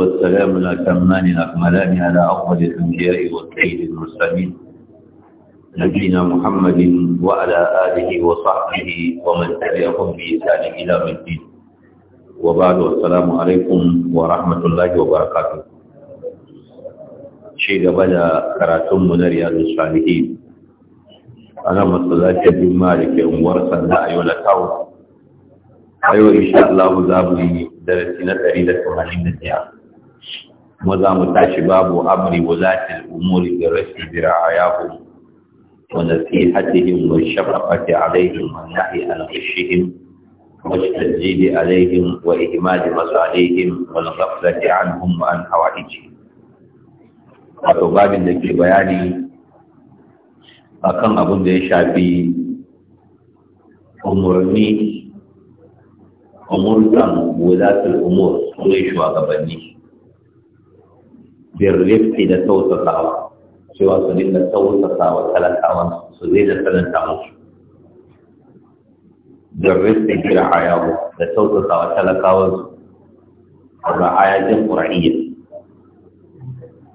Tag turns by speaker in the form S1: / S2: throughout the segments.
S1: والسلام الأتمان الأكملان على أفضل الأنبياء والسيد المرسلين نبينا محمد وعلى آله وصحبه ومن تبعهم بإحسان إلى الدين وبعد والسلام عليكم ورحمة الله وبركاته شيء قبل كراتم من رياض الصالحين أنا مصلاة مالك ورسل لا يولتاو أيوة إن شاء الله ذا darasi na ɗari da tamanin da ɗaya kuma za mu tashi babu amri wulatil umuri da rashi dira'ayahum wa nasihatihim wa shafaqati alaihim wa nahi an ghishihim wa tajjidi alaihim wa ihmad masalihim wal ghaflati anhum wa an hawaijihim wato babin da ke bayani akan abin da ya shafi umarni umurtan wulatul umur sune shugabanni birrifti da tausatawa cewa su dinga tausatawa talakawan su zai da tsananta musu birrifti gira hayawo da tausatawa talakawan su ra'ayatin ƙura'iyya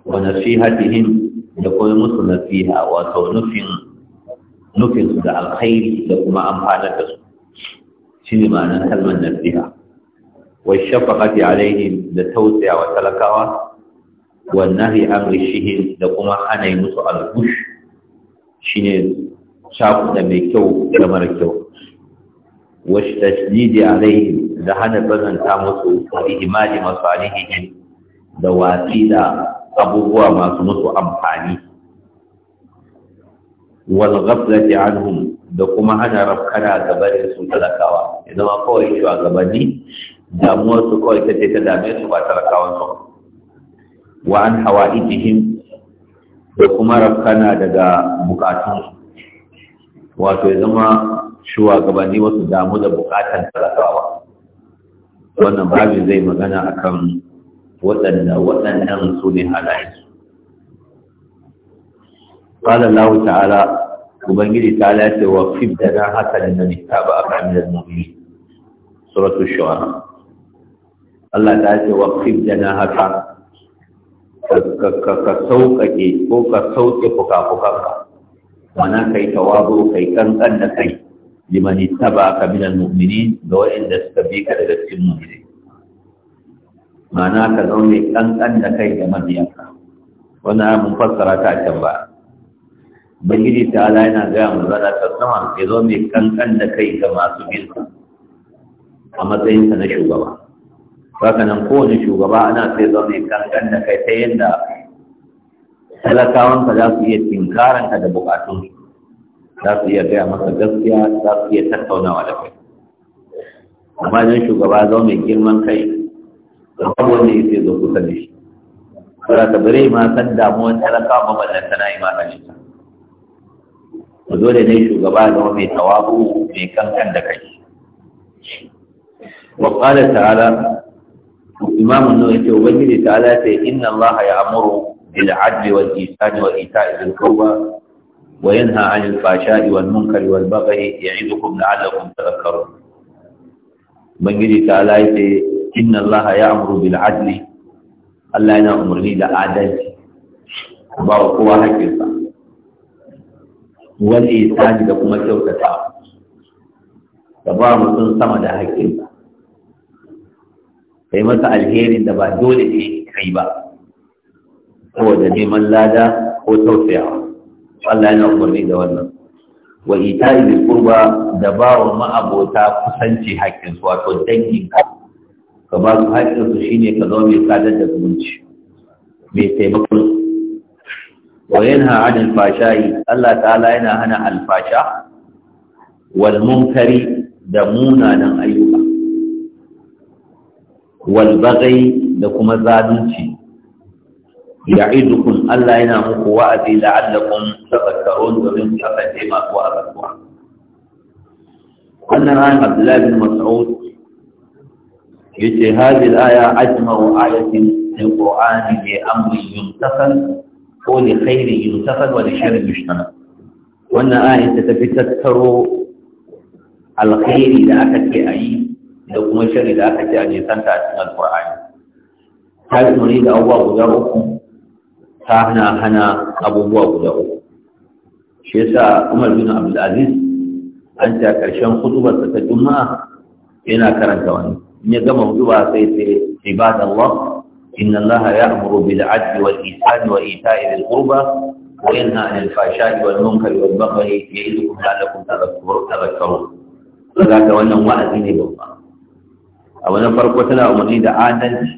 S1: wa nasihatihim da kuma musu nasiha wato nufin nufinsu da alkhairi da kuma amfanar da su shi ne ma'anar kalmar nasiha wa shafaqati alaihim da tausaya wa talakawa wannan amri shi da kuma hana yi musu albush shi ne da mai kyau da mara kyau wasu tashdidi rai da hana bazanta musu ihimali masu alihihim da wasi da abubuwa masu musu amfani walgaflati anhum da kuma hana rafkana gabanin su talakawa idan ma kawai shi a Damuwar damuwarsu kawai ta ce ta dame su ba talakawan su wa an hawa hawa'ijihim da kuma rafkana daga bukatunsu wato ya zama shugabanni wasu damu da bukatan talakawa wannan babin zai magana akan waɗanda waɗannan su ne su. ƙalar lahu ta'ala ubangiji ta lafi wa fi da na haka da nita ba a kamilar mummuni suratu shawara Allah ta ce wa fi da na haka. ka sauƙaƙe ko ka sauƙe fuka-fukanka mana kai tawazo kai kankan da kai liman ittaba ka minal mu'minin ga wa'inda suka bi ka daga cikin mu'mini mana ka zaune kankan da kai da mabiyanka wannan mun fassara ta can ba bangiji ta ala yana gaya mu zana ta sama ya zo mai kankan da kai ga masu bin a matsayinsa na shugaba baka nan kowane shugaba ana sai zaune kankan da kai ta yadda talakawanka za su iya tinkaranka da bukatun za su iya gaya masa gaskiya za su iya tattaunawa da kai amma idan shugaba zaune girman kai da babu wanda ya sai zo kusa da shi Kada ta bare ma san damuwan talakawa maballanta na imanin ta ku dole ne shugaba zama mai tawabu mai kankan da kai wa qala ta'ala imamun nawa yake ubangiji ta ala ta inna allaha ya'muru bil adli wal ihsani wa ita'i dhil qurba wa yanha 'anil fahsha'i wal munkari wal baghi ya'idukum la'allakum tadhakkarun ubangiji ta ala ta inna allaha ya'muru bil adli Allah yana umurni da adalci ba wa kowa haƙƙinsa wal ihsani da kuma kyautata ka ba mutum sama da haƙƙinsa kai masa alherin da ba dole ne kai ba saboda neman lada ko tausayawa Allah yana umarni da wannan wa ita'i bil qurba da ba wa ma'abota kusanci haƙƙin su wato dangin ka ka ba su hakkin su shine ka zama mai sadar da zumunci mai taimakon wa yanha 'anil fashai Allah ta'ala yana hana alfasha wal munkari da munanan ayyuka wal da kuma zalunci ya'idukum Allah yana muku wa'azi la'allakum tadhakkarun domin ku kasance masu wa'azuwa wannan ayan Abdullah bin Mas'ud yace hadhihi al-aya ajma'u ayatin min qur'ani bi yin yumtasal ko li khairin yin wa wani shirin yushtamal wannan ayan ta tafi tattaro alkhairi da aka ke a yi. da kuma shari da aka ci a nisanta a cikin alƙur'ani ta yi umarni da abubuwa guda uku ta hana hana abubuwa guda uku shi yasa umar bin abdulaziz an ce a ƙarshen hudubarsa ta juma'a yana karanta wani in ya gama hudubar sai sai ibadallah inna allaha ya'muru bil adli wal ihsani wa ita'i dhil qurba wa yanha 'anil fahsha'i wal munkari wal baghi ya'idukum wannan wa'azi ne babba A wajen farko tana umarni da adalci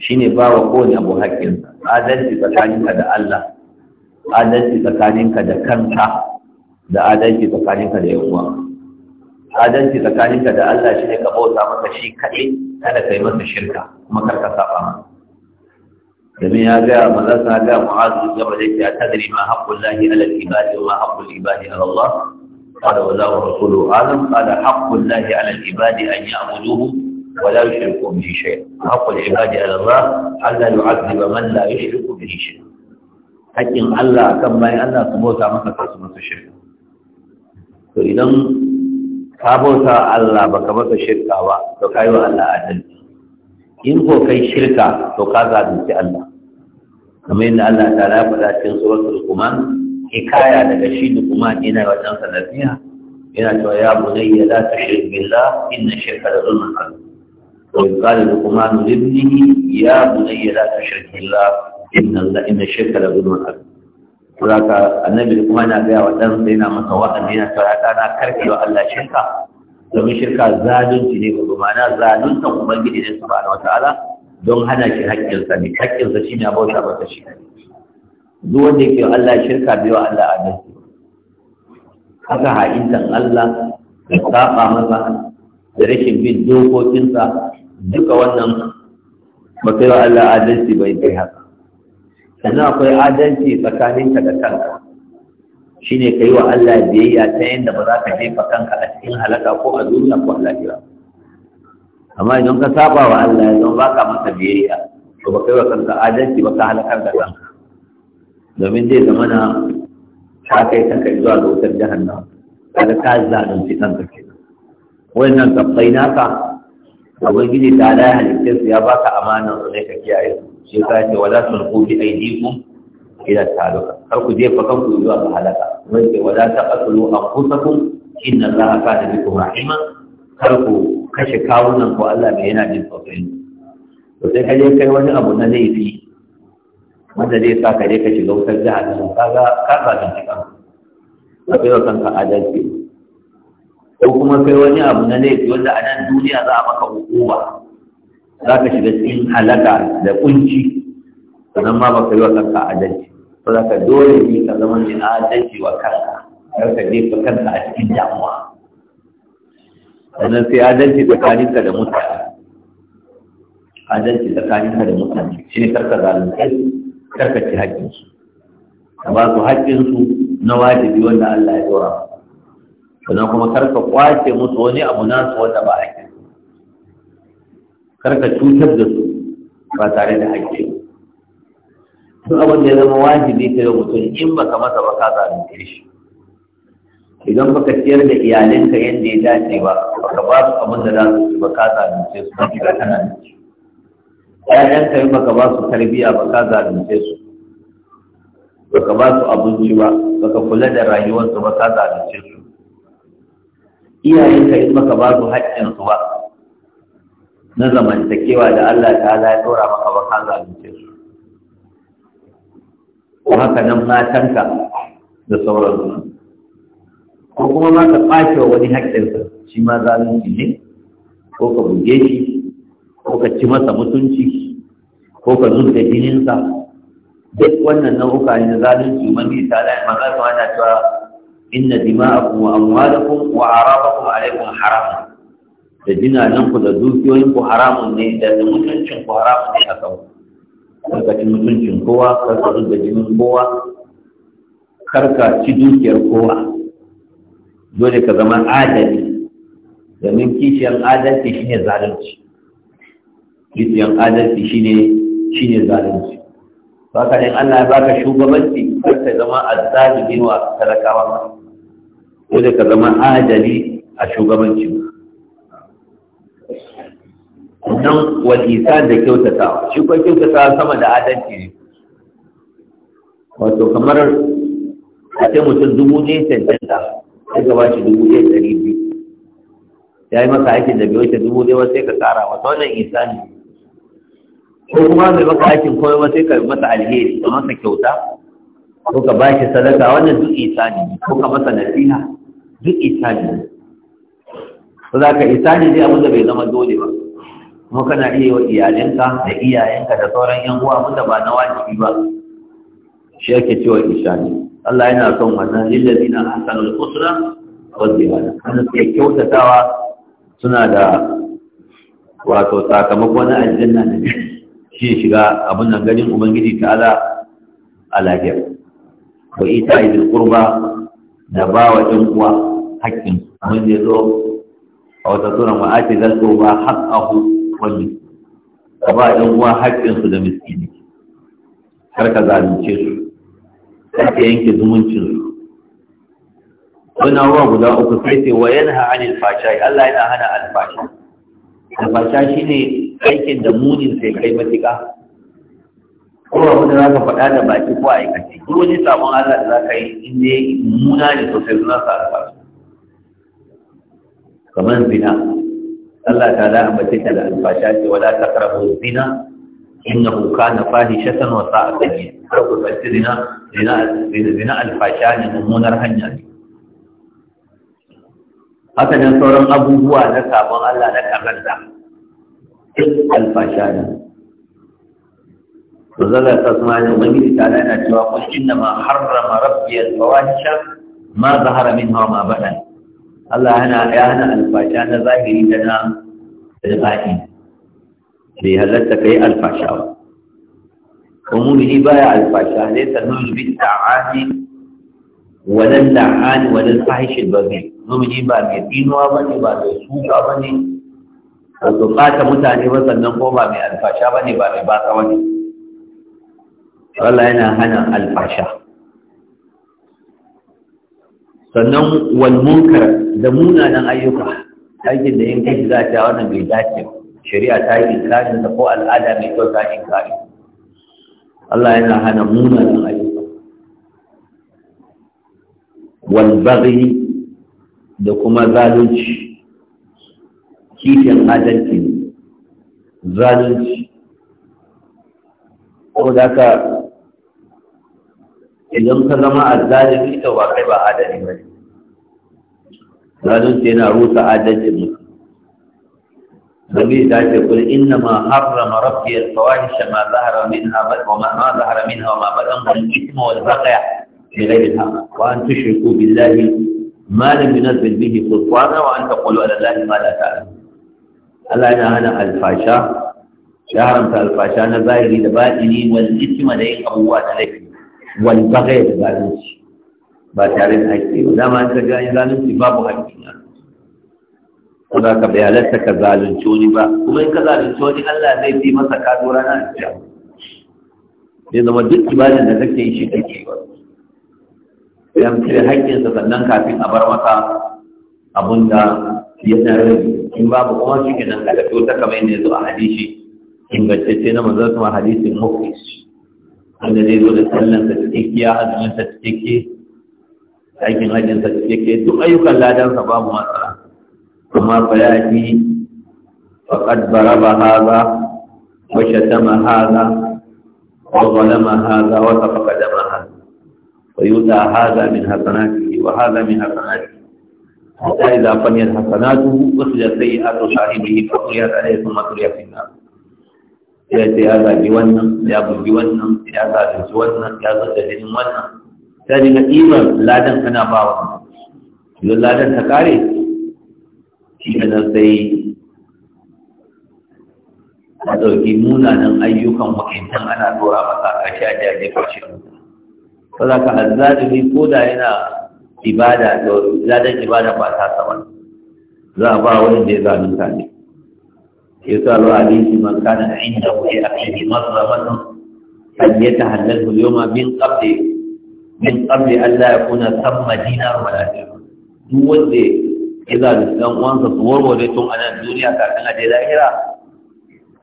S1: shine ba wa kowane abu haƙƙinsa adalci tsakaninka da Allah adalci tsakaninka da kanka da adalci tsakaninka da yawa adalci tsakaninka da Allah shi ne ka bauta maka shi kaɗai kada ka yi masa shirka kuma kar ka saba ma. domin ya ga maza sa ga mu'azu ya bada ya a tadri ma haqqul lahi ala al-ibadi wa ma haqqul ibadi ala Allah قال والله ورسوله أعلم قال حق الله على العباد أن يعبدوه ولا يشركوا به شيئا حق العباد على الله ألا يعذب من لا يشرك به شيئا حقin Allah kan bayan Allah su bauta masa kansu masa to idan ka bauta Allah baka masa shirka ba to kai wa Allah adalci in ko kai shirka to ka zalunci Allah kamar yadda Allah ta rafa da cikin suratul Qur'an hikaya daga shi da kuma dina wajen salafiya yana cewa ya bunayya ta tushrik billah inna shirka la zulmun azim wa qala luqman li ibnihi ya bunayya la tushrik billah inna allaha inna shirka la zulmun azim saboda annabi kuma na gaya wa dan sai na masa wa'azi yana cewa ya kana karfe wa Allah shirka domin shirka zalunci ne ga mana zalunta ubangiji ne subhanahu wataala don hana shi haƙƙinsa ne haƙƙinsa shine abota ba ta shi ne duk wanda yake Allah shirka bai wa Allah adalci haka ha'intan Allah da saba maza da rashin bin dokokinsa duka wannan ba kai wa Allah adalci bai kai haka sannan akwai adalci tsakaninka da kanka shine kai wa Allah biyayya ta yadda ba za ka jefa kanka a cikin halaka ko a duniya ko a lahira amma idan ka saba wa Allah idan ba ka masa biyayya to ba kai wa kanka adalci ba ka halakar da kanka domin zai zama na ta kai kanka zuwa ga wutar jahannama kaga ka zalunci kanka kenan wannan gabbai naka ubangiji ta da halitta su ya baka amana su ne ka kiyaye su shi ka ce wala tulqu bi aydikum ila taluka kar ku jefa kanku zuwa ga halaka wanda wala a anfusakum inna allaha kana bikum rahima kar ku kashe kawunan ko Allah mai yana jin tausayin to sai ka je kai wani abu na laifi wanda zai sa ka je ka shiga wutar jihar nan kaga ka da cikin ka kai wa kanka adalci ko kuma kai wani abu na laifi wanda a nan duniya za a maka hukuma za ka shiga cikin halaka da kunci sannan ma ba ka yi wa kanka adalci ko za ka dole ne ka zama mai adalci wa kanka kar ka jefa kanka a cikin damuwa sannan sai adalci ka da mutane adalci tsakaninka da mutane shi ne karka zalunci karkace haƙƙinsu ka ba su haƙƙinsu na wajibi wanda Allah ya dora sannan kuma karka kwace musu wani abu nasu wanda ba haƙƙin karka cutar da su ba tare da haƙƙi duk abin da ya zama wajibi ka yi mutum in ba ka masa ba ka zalunce shi idan baka ciyar da iyalinka yadda ya dace ba baka ba su abin da za su ci ba ka zalunce su ba ka tana da shi ƴaƴan ka yi baka ba su tarbiyya ba ka zalunce su baka ba su abinci ba baka kula da rayuwarsu ba ka zalunce su iyayen ta yi baka ba su haƙƙin su ba na zamantakewa da Allah ta ala ya ɗora maka ba ka zalunce su ko haka nan matanka da sauransu ko kuma ma ka ɓace wa wani haƙƙinsa shi ma zalunci ne ko ka buge shi ko ka ci masa mutunci ko ka zub jininsa duk wannan nau'uka ne na zalunci wani ta da manzo kuma yana cewa inna dima'akum wa amwalakum wa arabakum alaikum haram da nan ku da dukiyoyin ku haramun ne da mutuncin ku haramun ne a kanku karka ci mutuncin kowa karka zub da jinin kowa karka ci dukiyar kowa dole ka zama adali domin kishiyar adalci shine zalunci kishiyan adalci shine shine zalunci Ba ka ne Allah ya baka shugabanci kar ka zama azzalimi wa talakawa ko da ka zama adali a shugabanci nan wal isa da kyautata shi ko kyautatawa sama da adalci ne wato kamar a ce mutum dubu ne cancanta sai ka ba shi dubu ɗaya ɗari biyu ya yi masa aikin da bai wuce dubu ɗaya sai ka tsara wata wannan isa ne ko kuma mai maka aikin koyo ba sai ka masa alheri ka masa kyauta ko ka ba shi sadaka wannan duk isani ko ka masa nasiha duk isani ko za ka isani dai abin da bai zama dole ba kuma kana iya yi wa iyalinka da iyayenka da sauran yan uwa abin da ba na wajibi ba shi yake cewa isani Allah yana son wannan lillazina al-usra wa ziyada kana sai kyautatawa suna da wato sakamakon aljanna ne shi shiga abin nan ganin ubangiji ta'ala a lafiya ko ita idil qurba da ba wa ɗan uwa haƙƙin mun ne zo a wata suran wa ati zal ba haƙƙahu wani da ba ɗan uwa haƙƙin su da miskini kar ka zalunce su kar ka yanke zumuncin su wannan ruwa guda uku sai ce wa yanha anil fashai Allah yana hana alfashi alfasha shi ne aikin da munin sai kai matuƙa ko abu za ka faɗa da baki ko a aikace duk wani sabon Allah da za ka yi in dai muna ne sosai suna sa alfasha kamar zina Allah ta da ambace ta da alfasha ce wala ta karabo zina na fahi fahishatan wa sa'a kaji kar ku tsanci zina zina alfasha ne mummunar hanya ne haka nan sauran abubuwa na sabon Allah na karanta alfasha ne to zaga ta kuma ne ubangiji ta yana cewa kun inna ma harrama rabbi al-fawahisha ma zahara minha ma bada Allah yana ya hana alfasha na zahiri da na rifa'i bai halatta kai alfasha ba umumi baya alfasha laysa nulu bi ta'ani wala la'ani wala fahish al zubi ba mai dinuwa ba ne ba mai suka ba ne ba su mutane ba sannan ko ba mai alfasha ba ne ba mai basa ba ne Allah yana hana alfasha sannan wal munkar da munanan ayyuka aikin da yin kai za ta wannan bai dace shari'a ta yi inkarin da ko al'ada mai kyau ta yi inkari Allah yana hana munanan ayyuka wal baghi da kuma zalunci kishin adalci zalunci ko da ka idan ka zama azzalimi to ba kai ba adali ba ne zalunci yana rusa adalcin mutum Nabi ta ce kul inna ma harrama rabbi al-fawahish ma zahara minha wa ma ma zahara minha wa ma badan wal ithmi wal baghy bi ghayri al-haqq wa an tushriku billahi ma na yunazzil bihi sultana wa an taqulu ala allahi ma la ta'lamun Allah ya hana alfasha ya haramta alfasha na zahiri da batini wani isma da yin abubuwa da laifi wal baghy da zalunci ba tare da haƙƙi ba dama an ga yin zalunci babu haƙƙi na ko za ka bayalarta ka zalunci wani ba kuma in ka zalunci wani Allah zai fi masa kazo ranar da zai zama duk ibadan da kake yi shi kake ba yan cire haƙƙinsa sannan kafin a bar masa abun da ya ɗan rage in babu kuma shi ke nan ka tafi wata kamar yadda ya zo a hadisi ingantacce na manzon kuma hadisi mufis wanda zai zo da sallan sa cikakkiya azumin sa cikakke aikin hajjin sa cikakke duk ayyukan sa babu matsala kuma bayani فقد ضرب هذا وشتم هذا وظلم هذا وسفك فيؤتى هذا من حسناته وهذا من حسناته حتى إذا فنيت حسناته أخرجت سيئات صاحبه فقيت عليه ثم تري في النار ya ce ya zagi wannan ya bugi wannan ya zalunci wannan ya zaka jinin wannan ta dinga ɗiban ladan tana ba idan ladan ta kare shi nan sai a ɗauki munanan ayyukan wakintan ana tora masa a ƙarshe a jaje saboda ka azzadi ni ko da yana ibada to zadan ibada ba ta sa wani za ba wani da za mu sani ya sa lo ali shi man kana da inda ko ya akhi marrabatu fa yatahallahu yawma min qabli min qabli an la yakuna thamma dinar wala dirham duk wanda idan dan wanda warware tun a nan duniya ka kana da lahira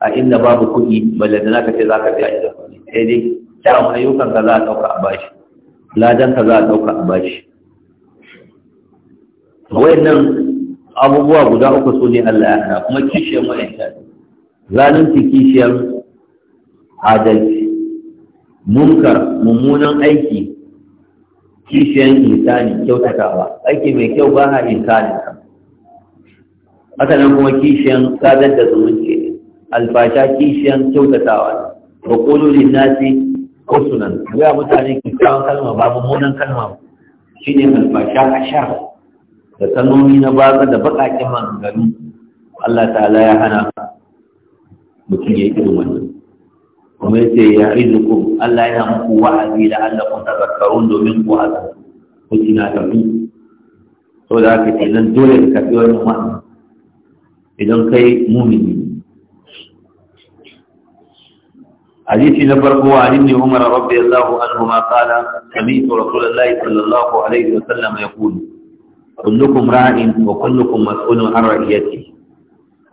S1: a inda babu kuɗi balle da naka ce za ka biya inda kuɗi sai dai kyawun ayyukan ka za ka ɗauka a bashi ladan ka za a ɗauka a bashi nan abubuwa guda uku so ne Allah ya hana kuma kishiyar wayanta zalunci kishiyar adalci munkar mummunan aiki kishiyar insani kyautatawa aiki mai kyau ba ha insani haka nan kuma kishiyan sadar da zumunci alfasha kishiyan kyautatawa wa qulu lin nasi ko sunan ya mutane kawo kalma ba mummunan kalma shi ne alfasha a sha da sanoni na baza da bakakin maganganu Allah ta'ala ya hana mutum ya yi irin wannan kuma ya ce ya ku Allah yana muku wa'azi da Allah kun tazakkarun domin ku haza ku tunatafi saboda haka kenan dole ka karɓi wannan wa'azi idan kai mumini حديث نفرقه عن ابن عمر رضي الله عنهما قال سمعت رسول الله صلى الله عليه وسلم يقول كلكم راع وكلكم مسؤول عن رعيته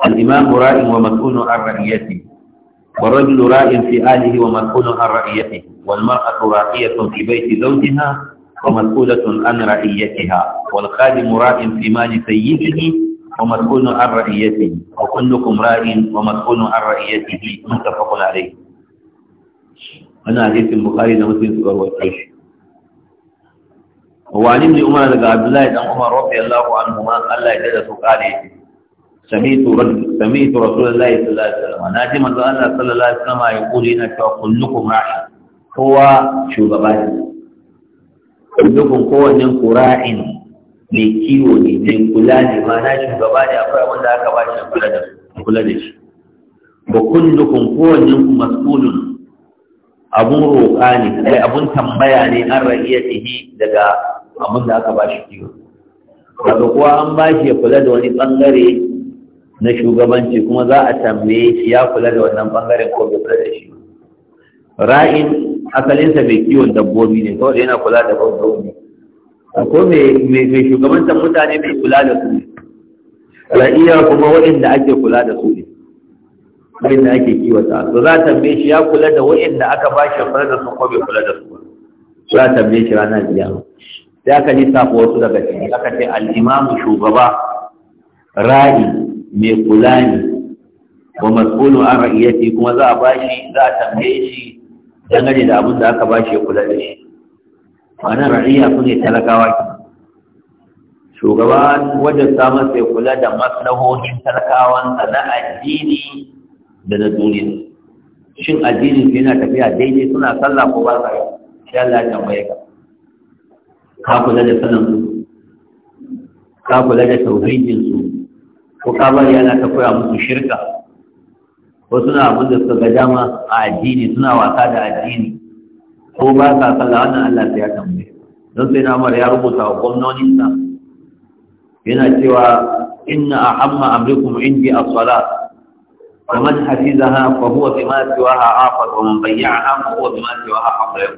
S1: الإمام راع ومسؤول عن رعيته والرجل راع في أهله ومسؤول عن رعيته والمرأة راعية في بيت زوجها ومسؤولة عن رعيتها والخادم راع في مال سيده ومسؤول عن رعيته وكلكم راع ومسؤول عن رعيته متفق عليه wannan hadisin bukari da muslim suka rawaito shi wani ne umar daga abdullahi dan umar radiyallahu anhu ma Allah ya da su kare sami'tu sami'tu rasulullahi sallallahu alaihi wasallam naji manzo Allah sallallahu alaihi wasallam ya kuli na cewa kullukum ra'i kowa shugaba ne kullukum kowanne qura'in ne kiwo ne ne kula ne ma na shugaba ne akwai wanda aka ba shi kula da kula da shi wa kullukum kowanne mas'ulun abun roƙa ne kai abun tambaya ne an ra'iya tihi daga abun da aka bashi kiwo daga kuwa an bashi ya kula da wani bangare na shugabanci kuma za a tambaye shi ya kula da wannan bangaren ko bai kula da shi ra'in asalinsa mai kiwon dabbobi ne kawai yana kula da dabbobi ko mai shugabantar mutane mai kula da su ra'iya kuma waɗanda ake kula da su ne abin da ake kiwata to za a tambaye shi ya kula da da aka ba shi kula da su kwabe bai kula da su za a tambaye shi ranar biya sai aka lissafa wasu daga ciki aka ce al'imamu shugaba ra'i mai kula ne wa mas'ulu an ra'iyati kuma za a ba shi za a tambaye shi dangane da abin da aka ba shi kula da shi ma'ana ra'iya su ne talakawa shugaban wajen samun sai kula da maslahohin talakawansa na addini da na duniya shin addinin su yana tafiya daidai suna sallah ko ba sa shi Allah ya tambaye ka ka kula da sanan su ka kula da tauhidin su ko ka bari yana ta koya musu shirka ko suna abin da suka ga dama a addini suna wasa da addini ko ba sa sallah wannan Allah sai ya tambaye don sai na mara ya rubuta wa gwamnonin sa yana cewa inna ahamma amrikum indi as-salat ومن حفظها فهو بما سواها آفر ومن بيعها فهو بما سواها حضر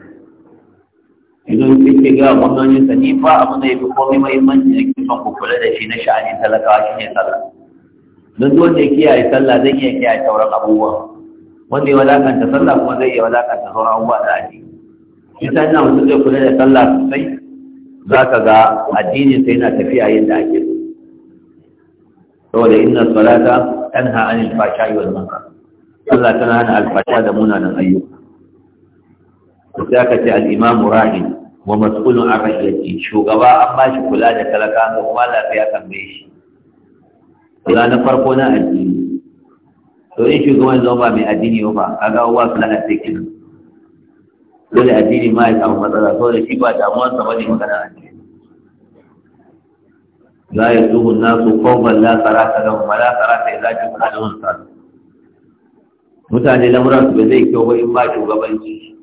S1: idan kin ce ga gwamnonin sa ni fa abu ne bi komai muhimmanci ne kin son ku kula da shi na sha'ani, talakawa shi ne sallah don dole ya kiyaye sallah zai iya kiyaye sauran abubuwa wanda ya wadakanta sallah kuma zai iya wadakanta sauran abubuwa da addini idan na mutum zai kula da sallah sosai za ka ga addinin sai yana tafiya yadda ake so saboda inna salata tanha anil fahsha'i wal munkar Allah tana hana alfasha da munanan ayyuka to sai aka ce al-imam rahim wa mas'ulun an rayyati shugaba an ba shi kula da talaka ga kuma lafiya kan bai shi kula na farko na addini to in shugaban zo ba mai addini ba a ga uwa kula da sai dole addini ma ya samu matsala saboda shi ba damuwansa ba ne magana addini yi لا يسوق الناس قوما لا صلاة لهم ولا صلاة kuma جمع لهم صلاة mutane lamuran su zai kyau ba in ba shugabanci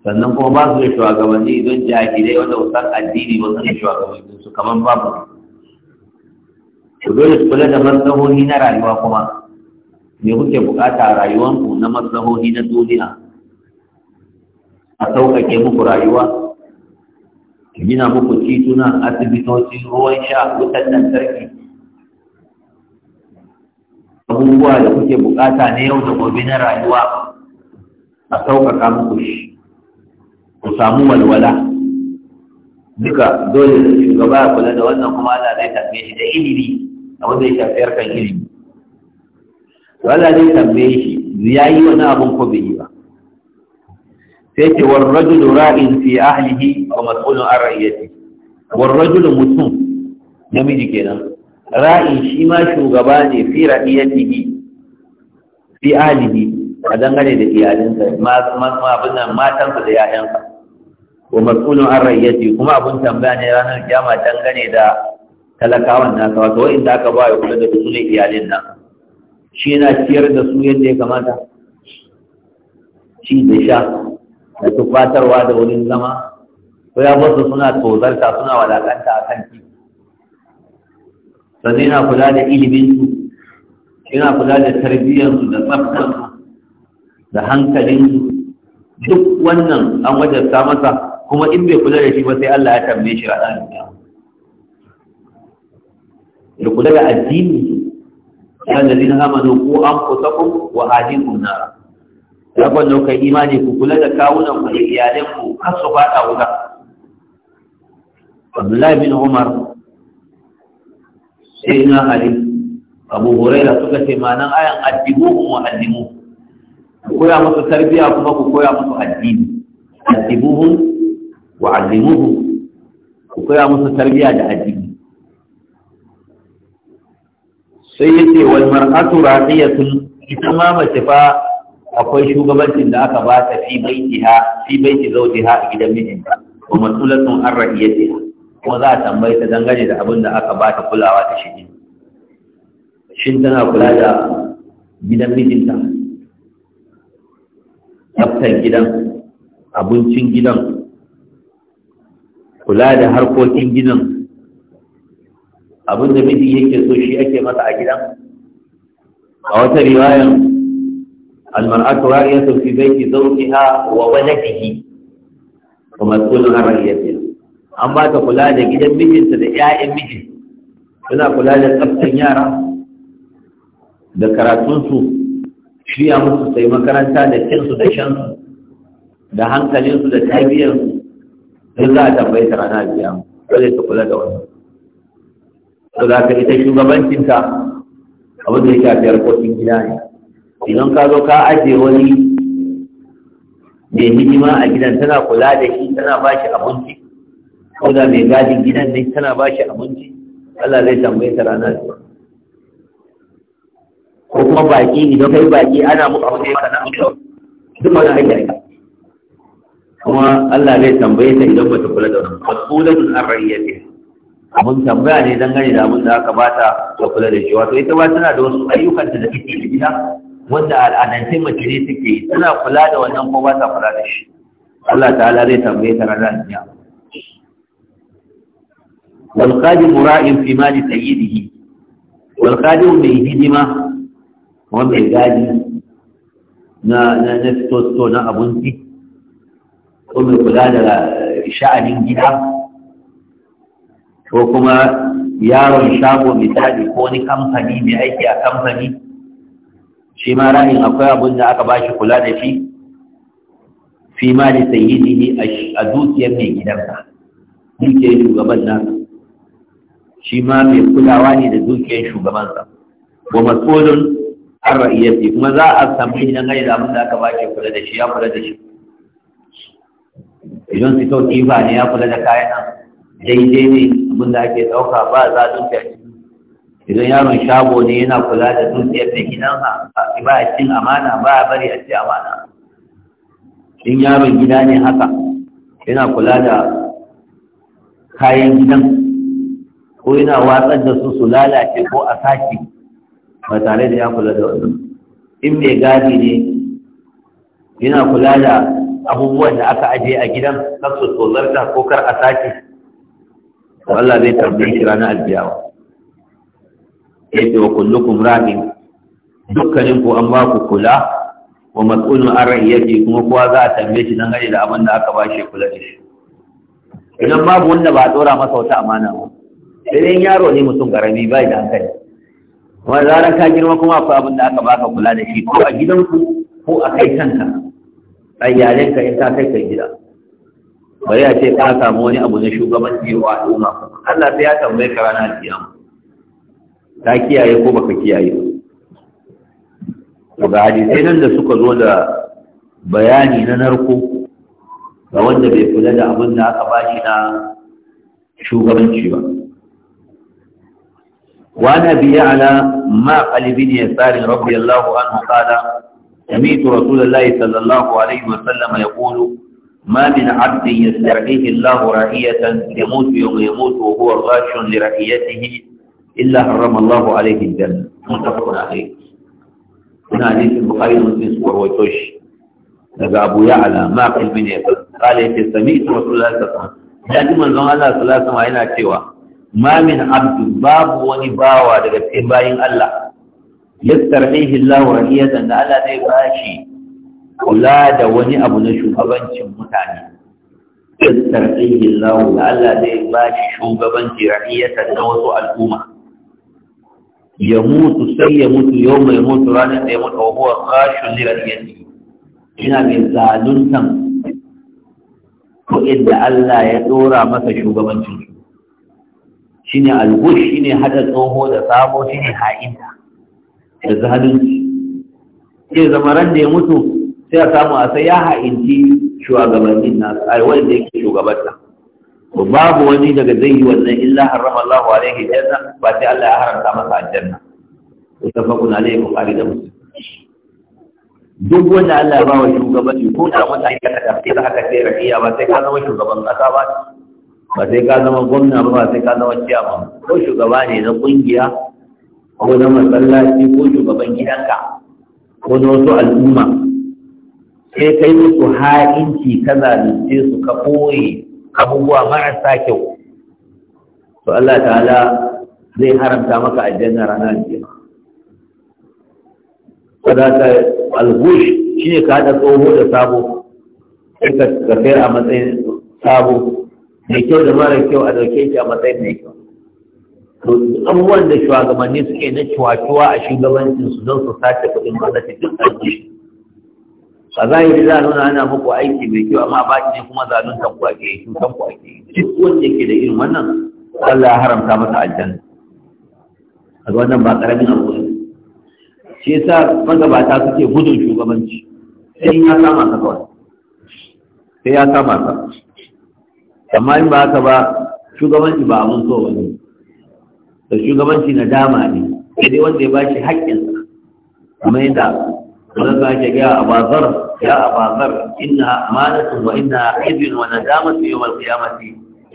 S1: sannan kuma ba su da shugabanni don jahilai wanda wasan addini ba su da shugabanni su kamar babu ku dole su kula da maslahohi na rayuwa kuma me kuke bukata a rayuwanku na maslahohi na duniya a sauƙaƙe muku rayuwa gina muku tituna asibitoci ruwan sha wutan lantarki abubuwa da kuke bukata na yau da gobe na rayuwa a sauƙaƙa muku shi ku samu walwala duka dole da shugaba ya kula da wannan kuma ana zai tambaye shi da ilimi a wanda ya shafi harkar ilimi to zai tambaye shi ya yi wani abun ko bai yi ba sai ce war rajulu ra'in fi ahlihi wa mas'ulun an ra'iyati war rajulu mutum namiji kenan ra'in shi ma shugaba ne fi ra'iyatihi fi ahlihi a dangane da iyalinsa matansa da ‘ya'yansa wa matsulun an rayyati kuma abin tambaya ne ranar kiyama dangane da talakawan nasa wato wa'in da aka ba ya kula da su ne iyalin nan shi yana ciyar da su yadda ya kamata shi da sha da tufatarwa da wurin zama ko ya basu suna tozarta suna walakanta a kan titi sannan yana kula da iliminsu yana kula da tarbiyyarsu da tsaftarsu da hankalinsu duk wannan an wajarta masa kuma in bai kula da shi ba sai Allah ya tambaye shi a ɗan duniya ya kula da addini ya da zina amanu ko an kusa wa ahlikum nara ya kwallo kai imani ku kula da kawunan ku da iyalan ku har su fada wuta Abdullahi bin Umar sai na Ali Abu Hurairah suka ce nan ayan addibuhum wa allimu ku koya musu tarbiya kuma ku koya musu addini addibuhum wa allimuhum ku koya musu tarbiya da addini sai yace wal mar'atu raqiyatun ita ma mace fa akwai shugabancin da aka ba ta fi ha fi baiti ha a gidan mijinta ko matsulatun an ce, kuma za a tambayi ta dangane da abin da aka ba ta kulawa ta shigin shin tana kula da gidan mijinta tsaftar gidan abincin gidan kula da harkokin gidan abin da miji yake so shi ake masa a gidan a wata riwayan المرأة راعية في بيت زوجها وولده ومسؤول عن kula أما تقول هذا جدا مجن تدعي مجن suna kula da tsaftan yara da karatunsu shirya musu sai makaranta da cinsu da shansu da hankalinsu da tabiyarsu duk za a tambayi ta rana biya dole ta kula da wannan to za ka ita shugabancinta abin da ya shafi harkokin gida ne idan ka zo ka ajiye wani mai hidima a gidan tana kula da shi tana ba shi abinci ko da mai gadin gidan ne tana ba shi abinci Allah zai tambaye ta ranar ko kuma baki idan kai baki ana muku abu da ya kana duk wani aiki aika kuma Allah zai tambaye ta idan bata kula da wannan masulatun arriyati Mun tambaya ne dangane da abin da aka bata ta kula da shi wato ita ba tana da wasu ayyukanta da take da gida wanda al'adance mace ne suke yi suna kula da wannan ko ba ta kula da shi Allah ta'ala zai tambaye ta ranar duniya wal qadi mura'in fi mali sayyidihi wal qadi mai hidima wa mai gadi na na na to na abinci ko mai kula da sha'anin gida ko kuma yaron shago misali ko wani kamfani mai aiki a kamfani shi ma ra'in akwai abun da aka bashi kula da shi fi ma da ne a dukiyar mai gidansa dukiyar shugaban nan shi ma mai kulawa ne da dukiyar shugabansa ko mas'ulun an ra'iyyati kuma za a samu idan gani da abin da aka bashi kula da shi ya kula da shi idan su kyau ne ya kula da kayan daidai ne abin da ake ɗauka ba za a dukiyar idan yaron shago ne yana kula da dukiyar da gidansa ba a cin amana ba a bari a ci amana in yaron gida ne haka yana kula da kayan gidan ko yana watsar da su su lalace ko a sashi ba tare da ya kula da wannan in mai gadi ne yana kula da abubuwan da aka aje a gidan kan su tozarta ko kar a sashi to Allah zai tambaye shi ranar aljiyawa yace wa kullukum ra'in dukkanin ku an ba ku kula wa mas'ulun an ra'iyati kuma kowa za a tambaye shi dangane da abin da aka ba shi kula da shi idan babu wanda ba a dora masa wata amana ba sai yaro ne mutum karami bai da hankali kuma zaran ka girma kuma akwai abin da aka baka kula da shi ko a gidanku ko a kai kanka a iyalinka in ka kai kai gida bari a ce ka samu wani abu na shugabanci wa al'umma Allah sai ya tambaye ka ranar kiyama ta kiyaye ko baka kiyaye ba ga hadisai nan da suka zo da bayani na narko ga wanda bai kula da abin da aka bashi na shugabanci ba wani biya ala ma kalibi ne tsarin rabbi Allah an hukada سمعت رسول الله صلى الله عليه وسلم يقول ما من عبد يسترعيه الله رعية يموت يوم يموت وهو غاش لرعيته illa haramallahu Allahu alaihi aljanna mutafaqun alaihi ina hadisin bukhari da muslim su rawaito shi daga abu ya'la ma qil ne, yaqul qala ya sami'tu rasulullahi sallallahu alaihi wasallam ya ji manzon Allah sallallahu alaihi wasallam yana cewa ma min abdu babu wani bawa daga cikin bayin Allah yastarhihi Allah ra'iyatan da Allah zai bashi kula da wani abu na shugabancin mutane yastarhihi Allah da Allah zai bashi shugabanci ra'iyatan na wasu al'umma ya mutu sai ya mutu yau mai mutu ranar da ya mutu wa huwa kashin lirariyarci Ina mai zaluntan kuɗin da Allah ya ɗora masa shugabancin shi ne algush shi ne haɗa tsoho da sabo shi ne ha'inta da zalunci ke zama ran da ya mutu sai a samu a sai ya ha'inci shugabannin nasu ai wanda yake shugabanta to babu wani daga zai yi wannan illa harrama Allah alaihi janna ba sai Allah ya haramta masa aljanna mutafaqun alaihi bukhari da muslim duk wanda Allah ya ba wa shugabanci ko da wata aika ta sai za ka tsere rafiya ba sai ka zama shugaban kasa ba ba sai ka zama gwamna ba ba sai ka zama ba, ko shugaba ne na kungiya ko na masallaci ko shugaban gidanka ko na wasu al'umma sai kai musu ha'inci ka zalunce su ka ɓoye abubuwa marasa kyau to Allah ta'ala zai haramta maka aljanna ranar kiyama sadaka al-ghush shine ka da tsoho da sabo ka ka sayar a matsayin sabo mai kyau da mara kyau a dauke shi a matsayin mai kyau to abubuwan da shugabanni suke na cuwa-cuwa a shugabancin su don su sace kuɗin gwamnati duk al a zahiri za a nuna ana muku aiki mai kyau amma ba ne kuma zaluntan tanku ake yi cutan tanku ake yi duk wanda yake da irin wannan Allah ya haramta masa aljanna a wannan ba karamin abu ne shi yasa magabata suke gudun shugabanci sai ya kama ka kawai sai ya kama ka amma in ba haka ba shugabanci ba mun so ba ne. da shugabanci na dama ne sai dai wanda ya bashi haƙƙinsa kamar yadda ولما جاء أبا ذر يا أبا ذر إنها أمانة وإنها حزن وندامة يوم القيامة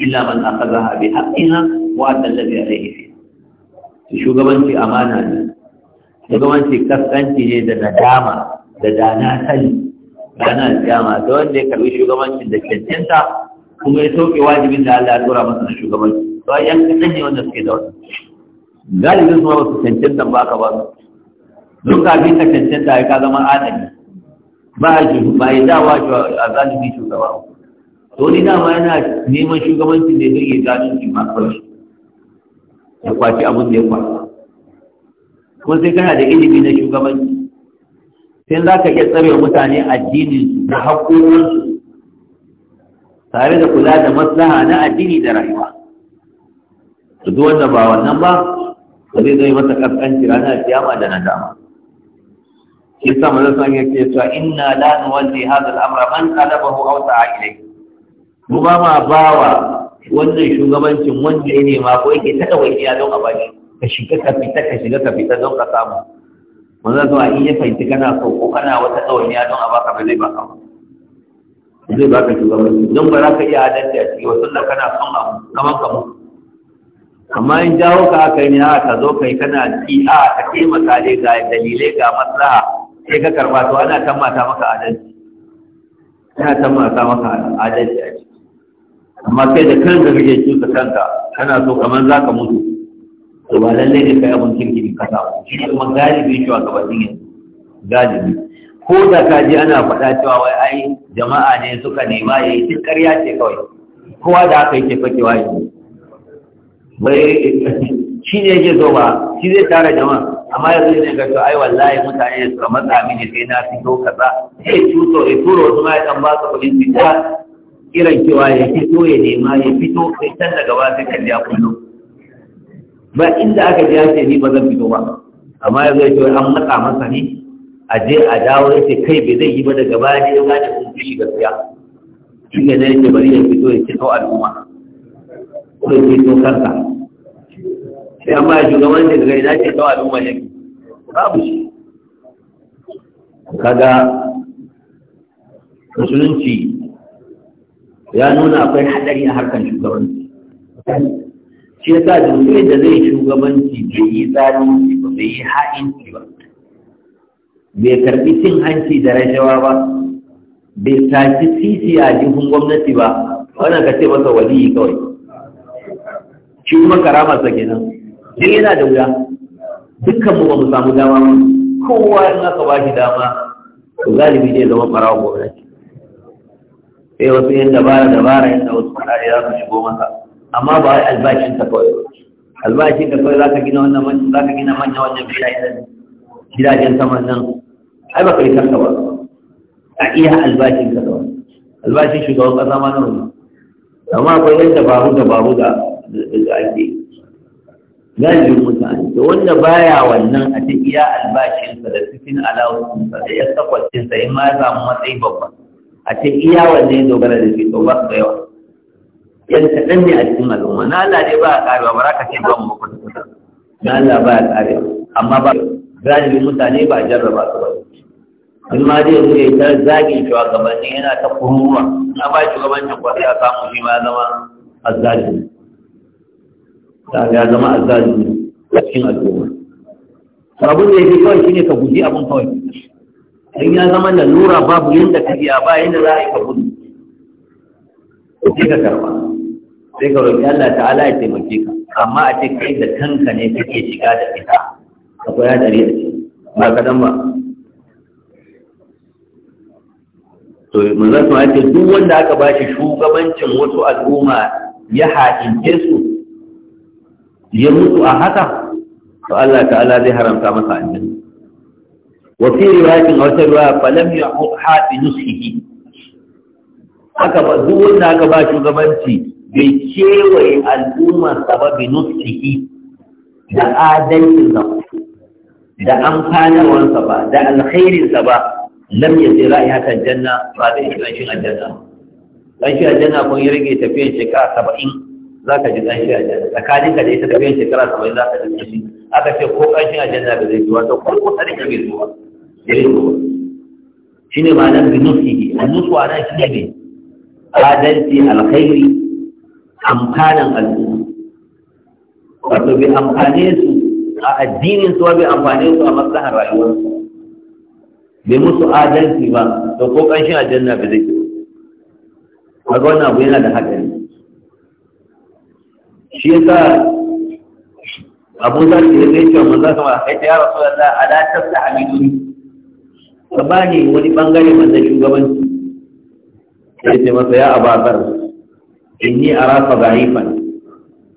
S1: إلا من أخذها بحقها wa الذي عليه فيها shugabanci amana ne shugabanci kaskanci ne da nadama da dana sani dana tsiyama da wanda ya karbi shugabancin da cancanta kuma ya sauke wajibin da Allah ya tura masa na shugabanci to yan kasan ne wanda suke da wani galibin kuma ba su cancanta ba ka ba su Duka bi ta cancanta ya ka zama adali ba ji ba ya dawa shi a zalibi shugaba to ni dama yana neman shugabancin da zai zalunci ma kawai ya kwaci abin da ya kwaci kuma sai kana da ilimi na shugabanci sai za ka iya tsare mutane addini da haƙoƙinsu tare da kula da maslaha na addini da rayuwa duk wanda ba wannan ba ba zai zai masa ƙasƙanci ranar kiyama da nadama yasa manzon san yake cewa inna la nuwalli hadha al-amra man qalabahu aw sa'a ilayhi mu ba ma bawa wannan shugabancin wanda ya nema ko yake ta kawai iya don a bashi ka shiga ka fita ka shiga ka fita don ka samu manzon zuwa in ya fahimci kana so ko kana wata ɗawainiya don a baka ba zai baka ba zai baka shugabanci don ba za ka iya adalci a cikin wasu da kana son abu kamar kamu amma in jawo ka aka yi a ka zo kai kana ci a ka taimaka ne ga dalilai ga maslaha sai ka karba to ana tammata maka adalci ana tammata maka adalci a ciki amma kai da kanka kake cuta kanka kana so kamar za ka mutu to ba lallai ne kai abin kirki ne kasa shi kuma galibi shi wa gabanin yanzu galibi ko da ka ji ana faɗa cewa wai ai jama'a ne suka nema ya yi cikin ƙarya ce kawai kowa da aka yi ke fakewa yanzu bai shi ne yake zo ba shi zai tara jama'a amma yanzu ne ga to ai wallahi mutane su ka matsa mini sai na fito kaza sai tuto ya turo wasu ma ya dan ba su kuɗin fita kiran cewa ya fito ya nema ya fito sai can daga ba sai kalli ya kullum ba inda aka ji ya ce ni ba zan fito ba amma yanzu ya ce an matsa masa ne a je a dawo ya ce kai bai zai yi ba daga baya ne ya gane sun fi gaskiya shi ne na yake bari ya fito ya fito al'umma ko ya fito kanka. sai an ba shugaban da gari na ce kawai al'umma yake babu shi kaga musulunci ya nuna akwai hadari a harkar shugabanci shi ya sa dukkan da zai shugabanci bai yi zalunci ba bai yi ha'inci ba bai karɓi cin hanci da rashawa ba bai tafi titi a jihun gwamnati ba wannan ka ce masa waliyi kawai shi kuma karamarsa kenan dan yana da wuya dukkan mu ba mu samu dama ba kowa in aka ba shi dama to galibi zai zama farawa gobe. sai wasu yin dabara dabara yadda wasu fadari za su shigo masa amma ba wai albashin ta kawai albashin ta kawai za ka gina wannan manyan za ka gina manyan wannan gidajen saman nan ai ba ka yi kanka ba a iya albashin ka kawai albashin shugaban kasa ma nan amma akwai yan dabaru dabaru da ake galibin mutane da wanda baya wannan a ta iya albashinsa da cikin alawarsa da ya sakwacinsa in ma ya samu matsayi babba a ta iya wanne dogara da shi to ba su yawa yan ɗan ne a cikin al'umma na Allah dai ba a ƙarewa ba za ka ce ba mu makwata na Allah ba a ƙarewa amma ba galibin mutane ba jarraba su ba in ma zai zo ya ta zagin gabanin yana ta kuruwa na ba shugabancin kwasai a samu shi ma zama azzalimi ya zama azzalimi a cikin al'umma abin da fi kawai shine ka guji abin kawai Sai ya zama da lura babu yadda ka biya ba yadda za a yi ka gudu sai ka karba sai ka roƙi Allah ta'ala ya taimake ka amma a ce kai da kanka ne kake shiga da ka akwai hadari a ce ba kaɗan ba to manzon sun ce duk wanda aka ba shi shugabancin wasu al'umma ya haƙince su ya mutu a haka to Allah ta'ala zai haramta masa aljanna wa fi riwayatin aw riwaya falam ya'ud hadi nusihi haka ba duk wanda aka ba shugabanci bai kewaye al'umma sababi nusihi da adalcinsa da amfanarwarsa ba da alkhairinsa ba lam yaji ra'ayatan janna ba zai shi aljanna dan shi aljanna kun yi rage tafiyar shekara saba'in za ka ji ƙanshi a jana tsakanin ka da ita da bayan shekara saba'in za ka ji ƙanshi aka ce ko ƙanshin a jana da zai zuwa to ko ko sani ka bai zuwa zai zuwa shi ne ma'anar a annusuwa nan shi ne adalci alkhairi amfanin al'umma wato bi amfane su a addinin su bai amfane su a maslahar rayuwarsu bai musu adalci ba to ko ƙanshin a jana ba zai zuwa kaga wannan abu yana da haɗari shi yasa abu za su yi zai cewa manzan a kai ta yara sauran da ala tafsa amiduni ka ba ne wani bangare manzan shugabanci sai ce masa ya ababar inni araka da'ifan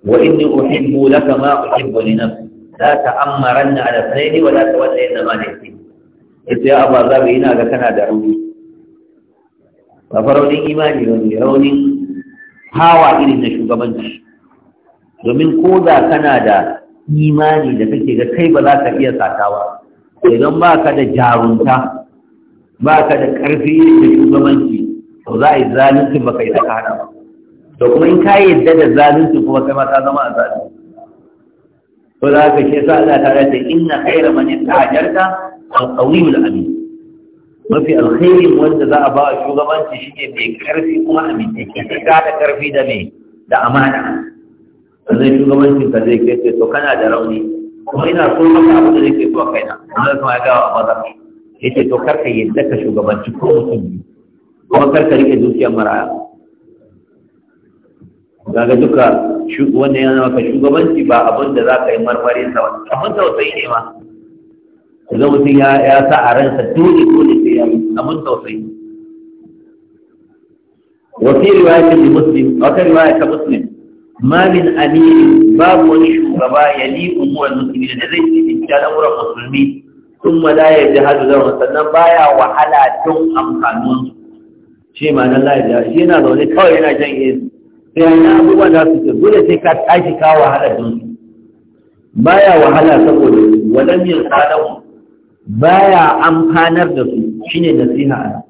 S1: wa inni uhibbu laka ma uhibbu li nafsi la ta'ammaranna ala sanani wa la tawallayna ma nafsi yace ya ababar ina ga kana da rauni ba fa raunin imani ne raunin hawa irin na shugabanci domin ko da kana da imani da kake ga kai ba za ka iya sata idan ba ka da jarunta ba ka da ƙarfi da shugabanci to za a yi zalunci ba ka yi saka ba to kuma in ka yadda da zalunci kuma kai ma ka zama a zalunci to za ka shi sa Allah ta rata inna khaira man yatajarta al-qawiyul amin mafi alkhairin wanda za a ba a shi ne mai ƙarfi kuma amintake ka da ƙarfi da mai da amana sannan shugabancin ka zai kai to kana da rauni kuma ina so maka abu da yake zuwa kaina amma kuma ya gawa maza ya ce to karka yadda ka shugabanci ko mutum biyu kuma karka rike dukiyar maraya ga duka wannan yana maka shugabanci ba abin da za ka yi marmarin sa ba abin tausayi ne ma kaga mutum ya sa a ransa dole dole sai ya abin tausayi وفي رواية لمسلم وفي رواية مسلم ma min amiri babu wani shugaba ya li umuwar musulmi da zai ci cikin al'amuran musulmi sun ma la ya ji hadu zama sannan baya wahala don amfanin shi ma nan la ya ji yana zaune kawai yana jan iya sai yana abubuwan da su ce dole sai ka tashi ka wahala don baya wahala saboda su yin sadahu baya amfanar da su shine nasiha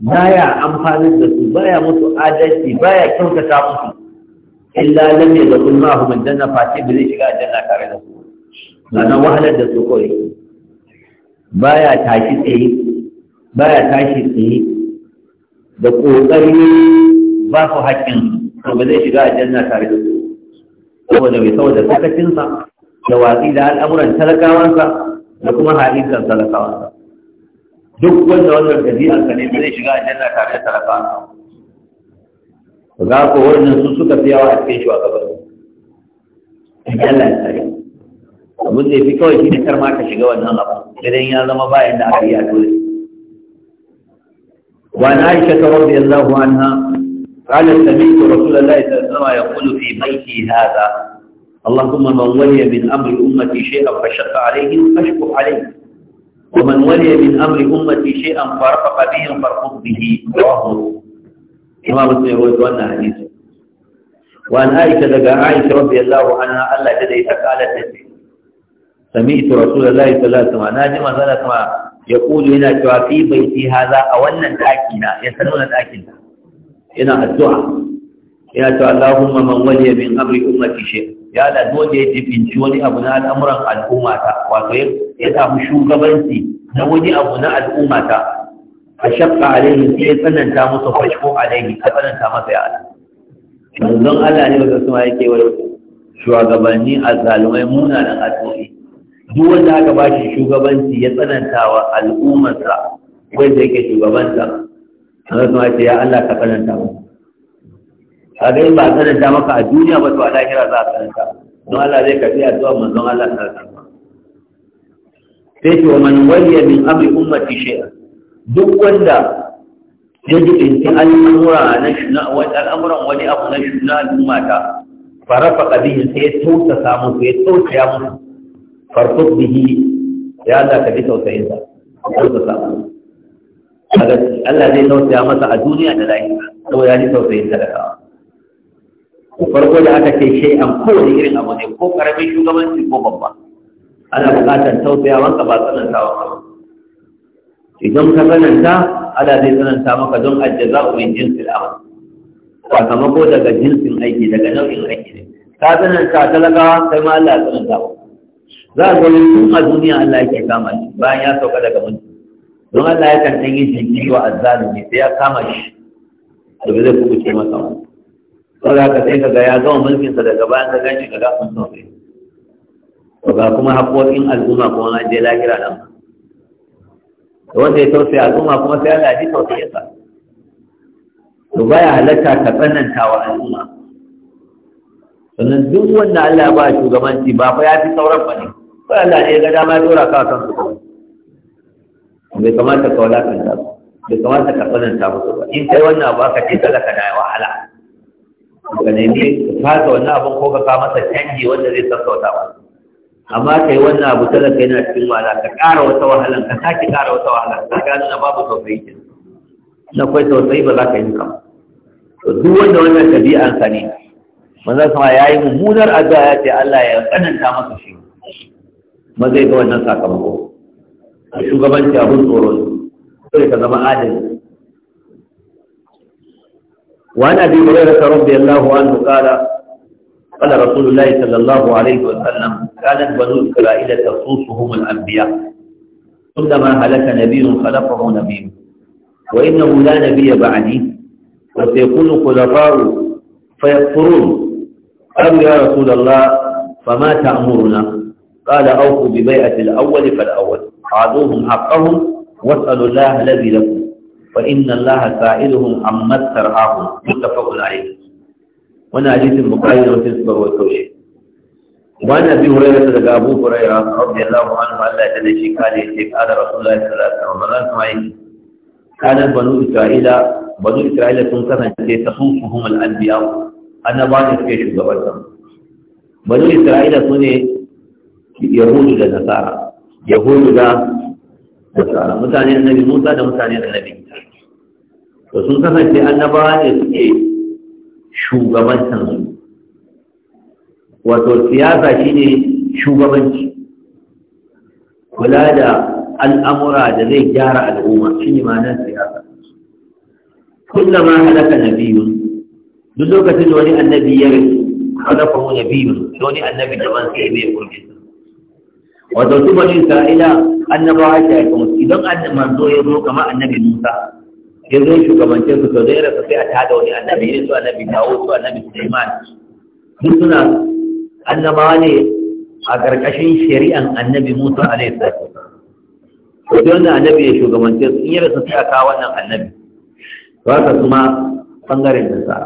S1: baya amfanar da su baya musu adalci baya kyautata musu illa lam yadkhul ma'ahum janna fa sai zai shiga janna tare da su sannan wahalar da su kawai baya tashi tsaye baya tashi tsaye da kokari ba su haƙƙin to ba zai shiga janna tare da su saboda mai saboda sakacinsa da watsi da al'amuran talakawansa da kuma halittar talakawansa duk wanda wannan ka ne ba zai shiga janna tare da talakawansa za ku wannan
S2: وعن عائشة رضي الله
S1: عنها قال سمعت رسول الله صلى الله عليه وسلم يقول في بيتي هذا اللهم من ولي من أمر أمتي شيئا فشق عليهم فاشق عليه ومن ولي من أمر أمتي شيئا فرفق بهم فارفق به رواه imam muslim ya rawaito wannan hadisi wa an aisha daga aisha radiyallahu anha Allah ta dai ta kala ta ce sami'tu rasulullahi sallallahu alaihi wasallam naji manzon Allah ya kulu yana cewa fi baiti haza a wannan daki na ya sanuna dakin ta yana addu'a yana cewa Allahumma man waliya min amri ummati shay ya da dole ya jibinci wani abu na al'amuran al'ummata wato ya samu shugabanci na wani abu na al'ummata a shakka alaihi sai tsananta ko fashko alaihi ka tsananta masa ya ala manzon Allah ne wanda suma yake wa shugabanni a zalumai munanan addu'o'i duk wanda aka ba shi shugabanci ya tsananta wa al'ummarsa wanda yake shugabanta sannan suma ce ya Allah ka tsananta mu a ga ba tsananta maka a duniya ba to a lahira za a tsananta don Allah zai karbi addu'a manzon Allah sallallahu alaihi wasallam sai ce wa man waliya min amri ummati shay'an duk wanda ya jibinci al'amura na al'amuran wani abu na shuna al'umma ta farafa ƙabihin sai ya tautasa musu ya ya musu farfuk bihi ya za ka bi tausayinsa tautasa musu Allah zai tausaya masa a duniya da lahira saboda ya ji tausayin talakawa farko da aka ce shai an kowane irin abu ne ko karamin shugabanci ko babba ana bukatar tausayawanka ba tsanantawa ba idan ka tsananta Allah zai tsananta maka don ajjaza'u min jinsil amal ko daga jinsin aiki daga nau'in aiki ne ka tsananta talakawa kai ma Allah ya tsananta ba za a gani tun a duniya Allah yake kama shi bayan ya sauka daga mulki don Allah ya kan yi jinkiri wa azzalumi sai ya kama shi da ba zai kubuce masa ba da ka sai kaga ya gama mulkin sa daga bayan ka gani kaga sun sauke Ba ga kuma haƙoƙin al'umma kuma an je lahira nan da wanda ya tausaya al'umma kuma sai Allah ya ji tausayinsa to baya halatta ka tsananta wa al'umma sannan duk wanda Allah ba shugabanci ba fa ya fi sauran ba ne ko Allah ne ga dama dora ka kan su bai kamata ka wala kan su bai kamata ka tsananta musu ba in kai wannan abu aka ce talaka na wahala ka nemi ka fasa wannan abin ko ka masa canji wanda zai sassauta ba amma kai wannan abu talaka yana cikin wahala ka ƙara wata wahala ka sake ƙara wata wahala ka ga nuna babu tausayi ke na kai tausayi ba za ka yi kam to duk wanda wannan tabi'an sa ne manzon sama ya yi mummunar addu'a ya ce Allah ya tsananta masa shi ma zai ga wannan sakamako a shugabanci abun tsoro ne dole ka zama adali وعن ابي هريره رضي الله عنه قال قال رسول الله صلى الله عليه وسلم كانت بنو إسرائيل تخصهم الأنبياء كلما هلك نبي خلفه نبي وإنه لا نبي بعدي وسيكون خلفاء فيكفرون قالوا يا رسول الله فما تأمرنا قال أوفوا ببيعة الأول فالأول عادوهم حقهم واسألوا الله الذي لكم فإن الله سائلهم عما استرعاهم متفق عليه wani hadisin bukari da wasu kaushe rawaito na bi abin hurairar daga abu hurairar rabbi allahu anhu allah da shi kare ya ce kada rasulullahi sallallahu alaihi wasallam ran kuma yi kanan banu isra'ila banu isra'ila sun kasance ta sunsuhum al-anbiya annabawa ne suke shugabantar banu isra'ila su ne yahudu da nasara yahudu da nasara mutane annabi musa da mutane annabi to sun kasance annabawa ne suke shugabantansu wato siyasa shine shugabanci kula da al'amura da zai gyara al'umma shi ne ma nan siyasa kullama halaka nabiyun duk lokacin da wani annabi ya rasu halafa mu nabiyun da wani annabi da ban sai mai gurbi wato su bani isra'ila annabawa ta yi kuma idan annabi manzo ya zo kama annabi musa ya zo shugabance su to zai rasa sai a tada wani annabi irin su annabi dawo su annabi suleiman duk suna annabawa ne a ƙarƙashin shari'an annabi musa alaihi salatu to wanda wannan annabi ya shugabance su in ya rasa sai a kawo wannan annabi Ba ka suma ɓangaren da sa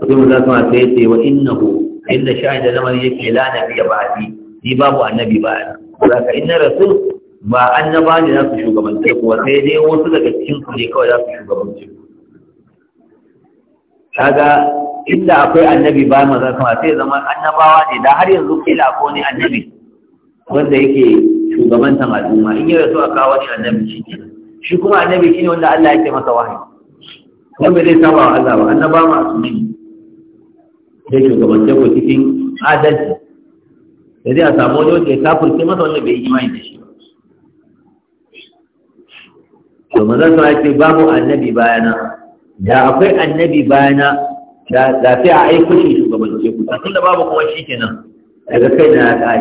S1: sai mu za su ma sai ce wa innahu inda sha'ida lamari yake la nabiya ba'di ni babu annabi ba za ka inna rasul ba annaba ne za su shugabantar kuwa sai dai wasu daga cikin su ne kawai za su shugabantar
S2: kaga inda akwai annabi ba maza kama sai
S1: zama annabawa ne da har yanzu kila ko ne annabi wanda yake shugabantan al'umma in yau so a kawo wani annabi shi ne shi kuma annabi shi ne wanda Allah yake masa wahayi wanda zai saba wa Allah ba annaba ma su ne sai shugabantar ko cikin adalci da zai a samu wani wanda ya kafurce masa wanda bai yi imani da shi to manzon sa yake babu annabi bayana da akwai annabi bayana da da sai a aiko shi shugabance ku tun da babu kuma shikenan daga kai na ya kai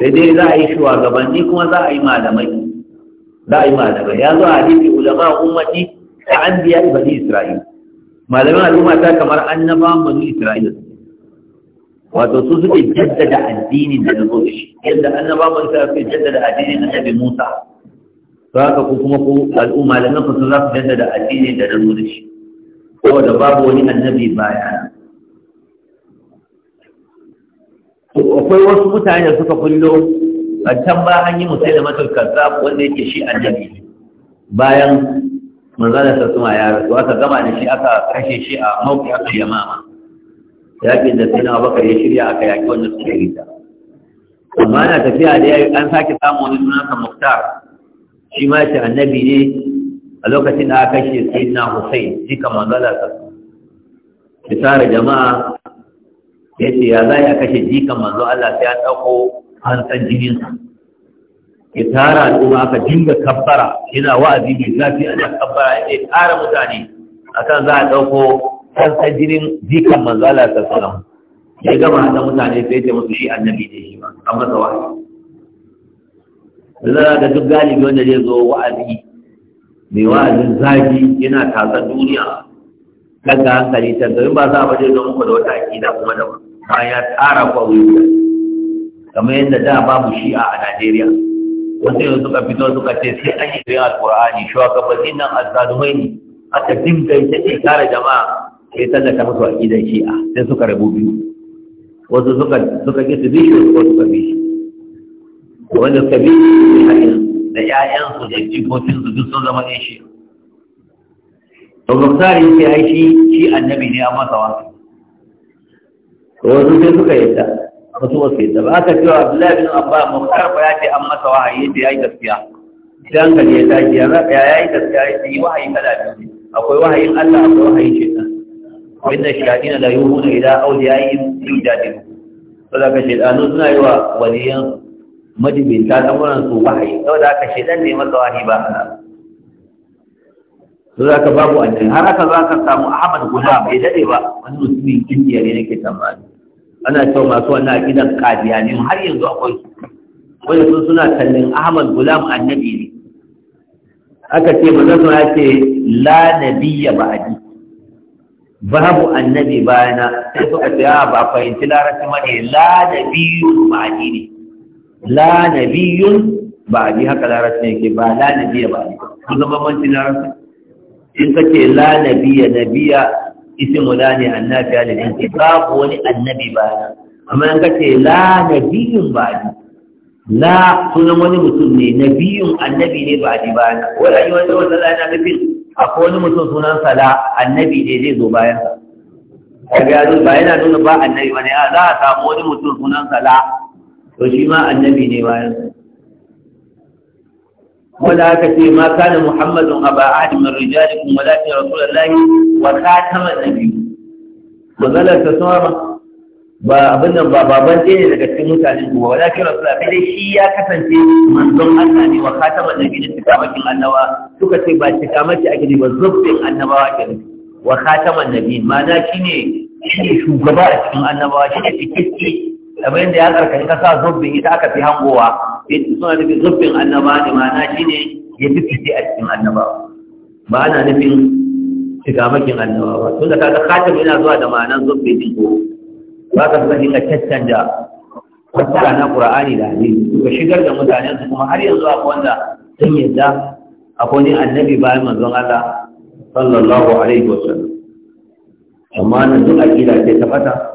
S1: sai dai za a yi shugabanni kuma za a yi malamai za a yi malamai ya zo a hadisi ulama ummati ta anbiya bani isra'il Malamin al'umma ta kamar annabawan bani isra'il wato su suke jaddada addinin da na zo da shi yadda annabawan bani isra'il suke jaddada addinin annabi Musa haka ko kuma ko al'umma da nan sun za su danda da addini da da shi da babu wani annabi baya akwai wasu mutane da suka kullo a can ba an yi musai da matar kaza wanda yake shi annabi bayan manzana ta suma ya rasu aka gama da shi aka kashe shi a mawuki aka yamama yakin da sai na bakar ya shirya aka yaki wanda suka yi amma na tafiya da an sake samu wani sunan sa muktar shi ma ce annabi ne a lokacin da aka kashe sai na hussein jika manzala ta ya tara jama'a ya ce ya za a kashe jika manzo Allah sai ya ɗauko hansan jininsa ya tara al'umma aka dinga kabbara yana wa'azi mai zafi ana kabbara ya ce tara mutane akan za a ɗauko hansan jinin jikan manzo Allah ta ya gama haɗa mutane sai ya ce musu shi annabi ne shi ma an masa zara da duk galibi wanda zai zo wa'azi mai wa'azin zafi yana tatsar duniya daga hankali ta gari ba za a zai don muku da wata aƙida kuma da ba ya tsara kwa wuya kamar yadda da babu shi'a a najeriya wasu yanzu suka fito suka ce sai an yi biyan alƙur'ani shugabannin nan azzalumai ne aka dinga ita ce kare jama'a sai ta tallata musu aƙidan shi'a sai suka rabu biyu wasu suka suka ƙi su bishiyu ko suka bishiyar wanda suka bi da ƴaƴansu da jikokinsu duk sun zama ɗan shi Abubakar ya ce ai shi shi annabi ne a masa wasu wasu sai suka yadda wasu wasu yadda ba aka cewa Abdullahi bin Abba Muktar ba ya ce an masa wahayi yadda ya yi gaskiya idan ka je ta ji ya ya yi gaskiya ya yi wahayi kala biyu akwai wahayin Allah akwai wahayin shaitan inna shayatin la yuhuna ila awliyaihim yujadilu saboda ka shaitanu suna yi wa waliyansu madibinta ta wurin su wahayi da ka shaidan ne masa wahayi ba ana to zaka babu annabi har haka zaka samu Ahmad guda bai dade ba wani musulmi kindiya ne nake tsammani ana cewa masu wannan aqidan ne har yanzu akwai wani sun suna kallon Ahmad gulam annabi ne aka ce manzon ya ce la nabiyya ba'di babu annabi bayana sai suka ce ba fahimci larabci mane la nabiyyu ba'di ne la nabiyun ba bi haka larabci yake ba la nabiya ba kun zama manci larabci in ka ce la nabiya nabiyya ismu la ne annabi alil Ba ku wani annabi ba amma in ka ce la nabiyun ba bi la sunan wani mutum ne nabiyun annabi ne ba bi ba wani ayi wani wani la na nufin akwai wani mutum sunan sala annabi ne zai zo bayan sa kaga ba yana nuna ba annabi ba a za a samu wani mutum sunan sala to shi ma annabi ne bayan wanda aka ce ma kana muhammadun aba ahadin min rijalikum walakin rasulullahi wa khatama nabiy mazalar ta sama ba abin nan ba baban ɗaya ne daga cikin mutanen ku ba walakin rasulullahi dai shi ya kasance manzon Allah ne wa khatama nabiy da tikamakin annawa suka ce ba tikamaki ake ne ba zubbin annabawa ke ne wa khataman nabiy ma'ana shine ne shugaba a cikin annabawa ne tikiti kamar yadda ya tsarkani ka sa zubbin ita aka fi hangowa suna nufin zubbin annaba ne ma'ana shi ne ya fi fice a cikin annaba ba ana nufin shigamakin annaba ba tun da kaga khatim yana zuwa da ma'anan zubbi din ko ba ka suka dinga caccanja fassara na qur'ani da hadisi Ka shigar da mutanen su kuma har yanzu akwai wanda sun yadda akwai ne annabi bayan manzon Allah sallallahu alaihi wasallam amma na duk akida ce ta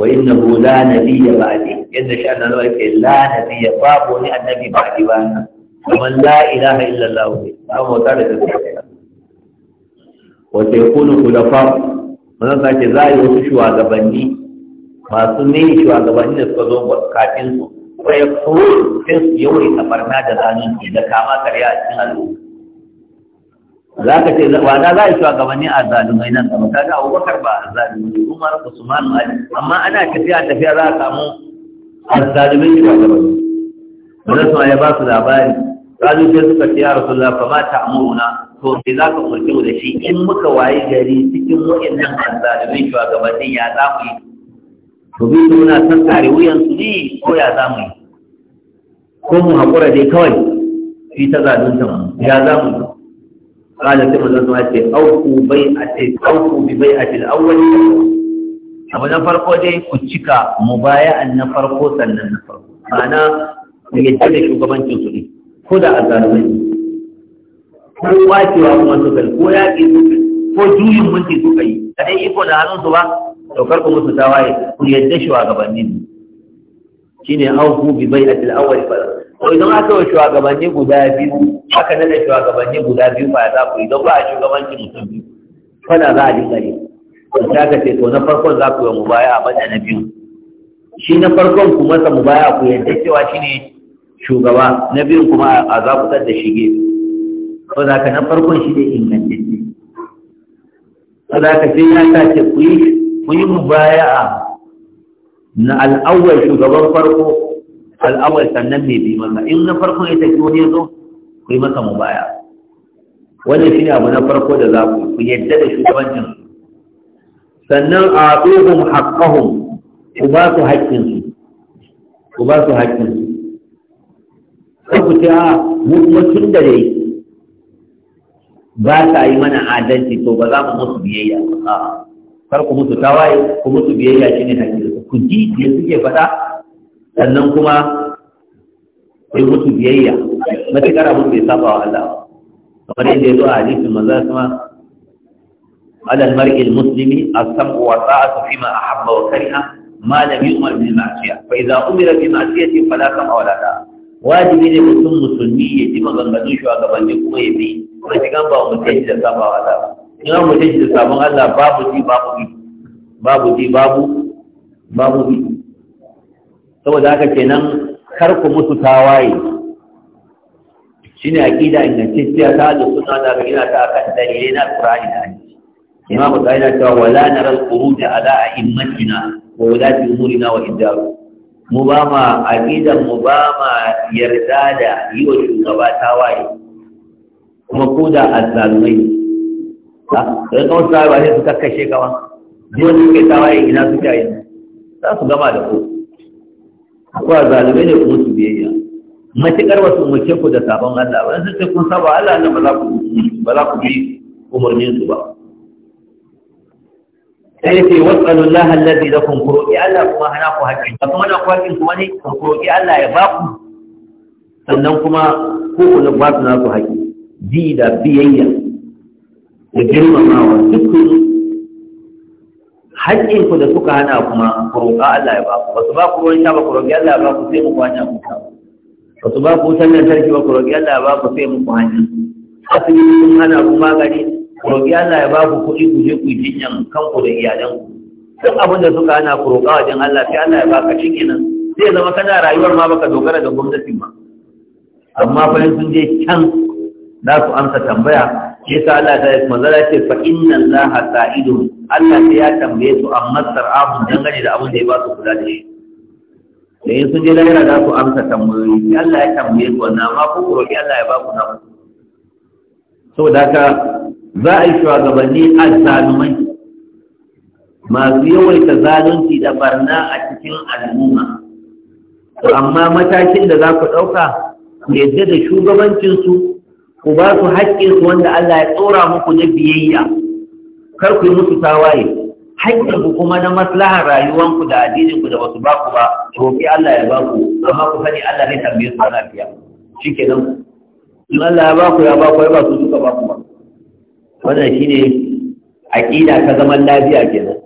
S1: wa innahu la nabiyya ba'di yadda shi Allah ya ce la nabiyya babu wani annabi ba'di ba nan kamar la ilaha illa Allah ne an bauta da gaskiya wa sayakunu khulafa wannan ka ce za a yi wasu shugabanni masu ne shugabanni da suka zo kafin su wa yakfuru sai su yawaita barna da zalunci da kama karya a cikin al'umma za ka ce wada za a shiwa gabanin azalumai nan gaba ta ga abubakar ba azalumai umar usman ali amma ana tafiya tafiya za a samu azalumai shi ba gaba wani suna ya ba su labari kazu sai suka ce ya rasu lafa ba ta amuruna to me za ka umarci mu da shi in muka waye gari cikin wa'annan azalumai shi ba gabanin ya za mu yi to bi muna san kare wuyansu ne ko ya za mu yi ko mu haƙura dai kawai fi ta zalunta mu ya za mu yi قال كما لازم أتي أوفوا بيعة أوفوا ببيعة الأول abu na farko dai ku cika mubaya'an na farko sannan na farko ma'ana da yadda da shugabancin su ko da a zalumai ko kwacewa kuma su ko yaƙi su ko juyin mulki su kai kadai iko da hannun ba daukar ku musu tawaye bi ko idan aka yi shugabanni guda biyu aka nada shugabanni guda biyu ba za ku idan ba a shugabanci mutum biyu na za a dinga ne. to ta ce to na farkon za ku yi mu baya a bada na biyu shi na farkon ku masa mu baya ku yadda cewa shi ne shugaba na biyun kuma a za ku da shige ko za ka na farkon shi ne ingantacce ko za ka sai ya ta ce ku yi mu baya na al'awwal shugaban farko al'awar sannan mai bi masa in na farko ya tafi wani ya zo ku yi masa mu baya Wani shi ne abu na farko da za ku ku yadda da shugabancin sannan a tsohon haƙƙahun ku ba su haƙƙinsu ku ba su haƙƙinsu Sai ku ce a mu kuma tun da dai ba sa yi mana adalci to ba za mu musu biyayya A'a, kar ku musu tawaye ku musu biyayya shine hakki ku ji da suke faɗa sannan kuma ya mutu biyayya matuƙar abin bai saba wa Allah kamar yadda ya zo a hadisin manzo sama alal al-mar'i muslimi as-sam'u wa ta'atu fima ahabba wa kariha ma lam yu'mar bil ma'siyah fa idza umira bi ma'siyati fala sam'a wa la ta'a wajibi ne mutum musulmi ya ji maganganun ne kuma ya bi kuma shi gamba ba mutum da saba wa Allah in an mutum da sabon Allah babu ji babu bi babu ji babu babu bi saboda haka kenan kar ku musu tawaye shine aqida ingantacciya ta da suna da ga ta akan dalilai na Qur'ani da hadisi imamu na cewa wala nara al da ala a'immatina wa ulati umurina wa idaru mu ba ma aqidan mu ba ma yarda da yi wa shugaba tawaye kuma ko da azzalumai ha sai kawai sai ba sai suka kashe kawa duk wanda suke tawaye ina suke yi za su gama da ku ko zalibai ne kuma su biyayya matukar wasu umarce ku da sabon Allah ba sai kun saba Allah nan ba za ku ba za ku bi umarnin su ba sai ce wasalu Allah allazi lakum kuroki Allah kuma hana ku hakkin ba kuma na ku hakkin kuma ne ku kuroki Allah ya ba ku sannan kuma ku ku na ba su na ku hakki bi da biyayya da girmamawa dukkan haƙƙin ku da suka hana kuma ku roƙa Allah ya ba ku ba su ba ku ruwan sha ba ku roƙi Allah ya ba ku sai muku hanya ku ta ba su ba ku wutar lantarki ba ku roƙi Allah ya ba ku sai muku hanya asibiti sun hana ku magani ku roƙi Allah ya ba ku kuɗi ku je ku yi jinyan kanku da ku duk abin da suka hana ku roƙa wajen Allah sai Allah ya ba ka nan sai zama kana rayuwar ma baka dogara da gwamnati ba amma fa sun je can za su amsa tambaya yasa Allah ta yi manzara ce fa inna Allah sa'idun Allah sai ya tambaye su amma sar'abun dangane da abin da ya ba su kula da shi da in sun je lahira za su amsa tambayoyi Allah ya tambaye su wannan amma ko ku roki Allah ya ba ku namu saboda haka za a yi shugabanni a zalumai masu yawaita zalunci da barna a cikin al'umma to amma matakin da za ku ɗauka ku yadda da shugabancinsu ku ba su haƙƙinsu wanda Allah ya tsora muku na biyayya kar ku yi musu tawaye haƙƙinku kuma na maslahar rayuwanku da addininku da wasu ba ku ba to roƙi Allah ya ba ku amma ku sani Allah zai tambaye su ana fiya shikenan in Allah ya ba ku ya ba ku ya ba su suka ba ku ba wannan shine aƙida ta zaman lafiya kenan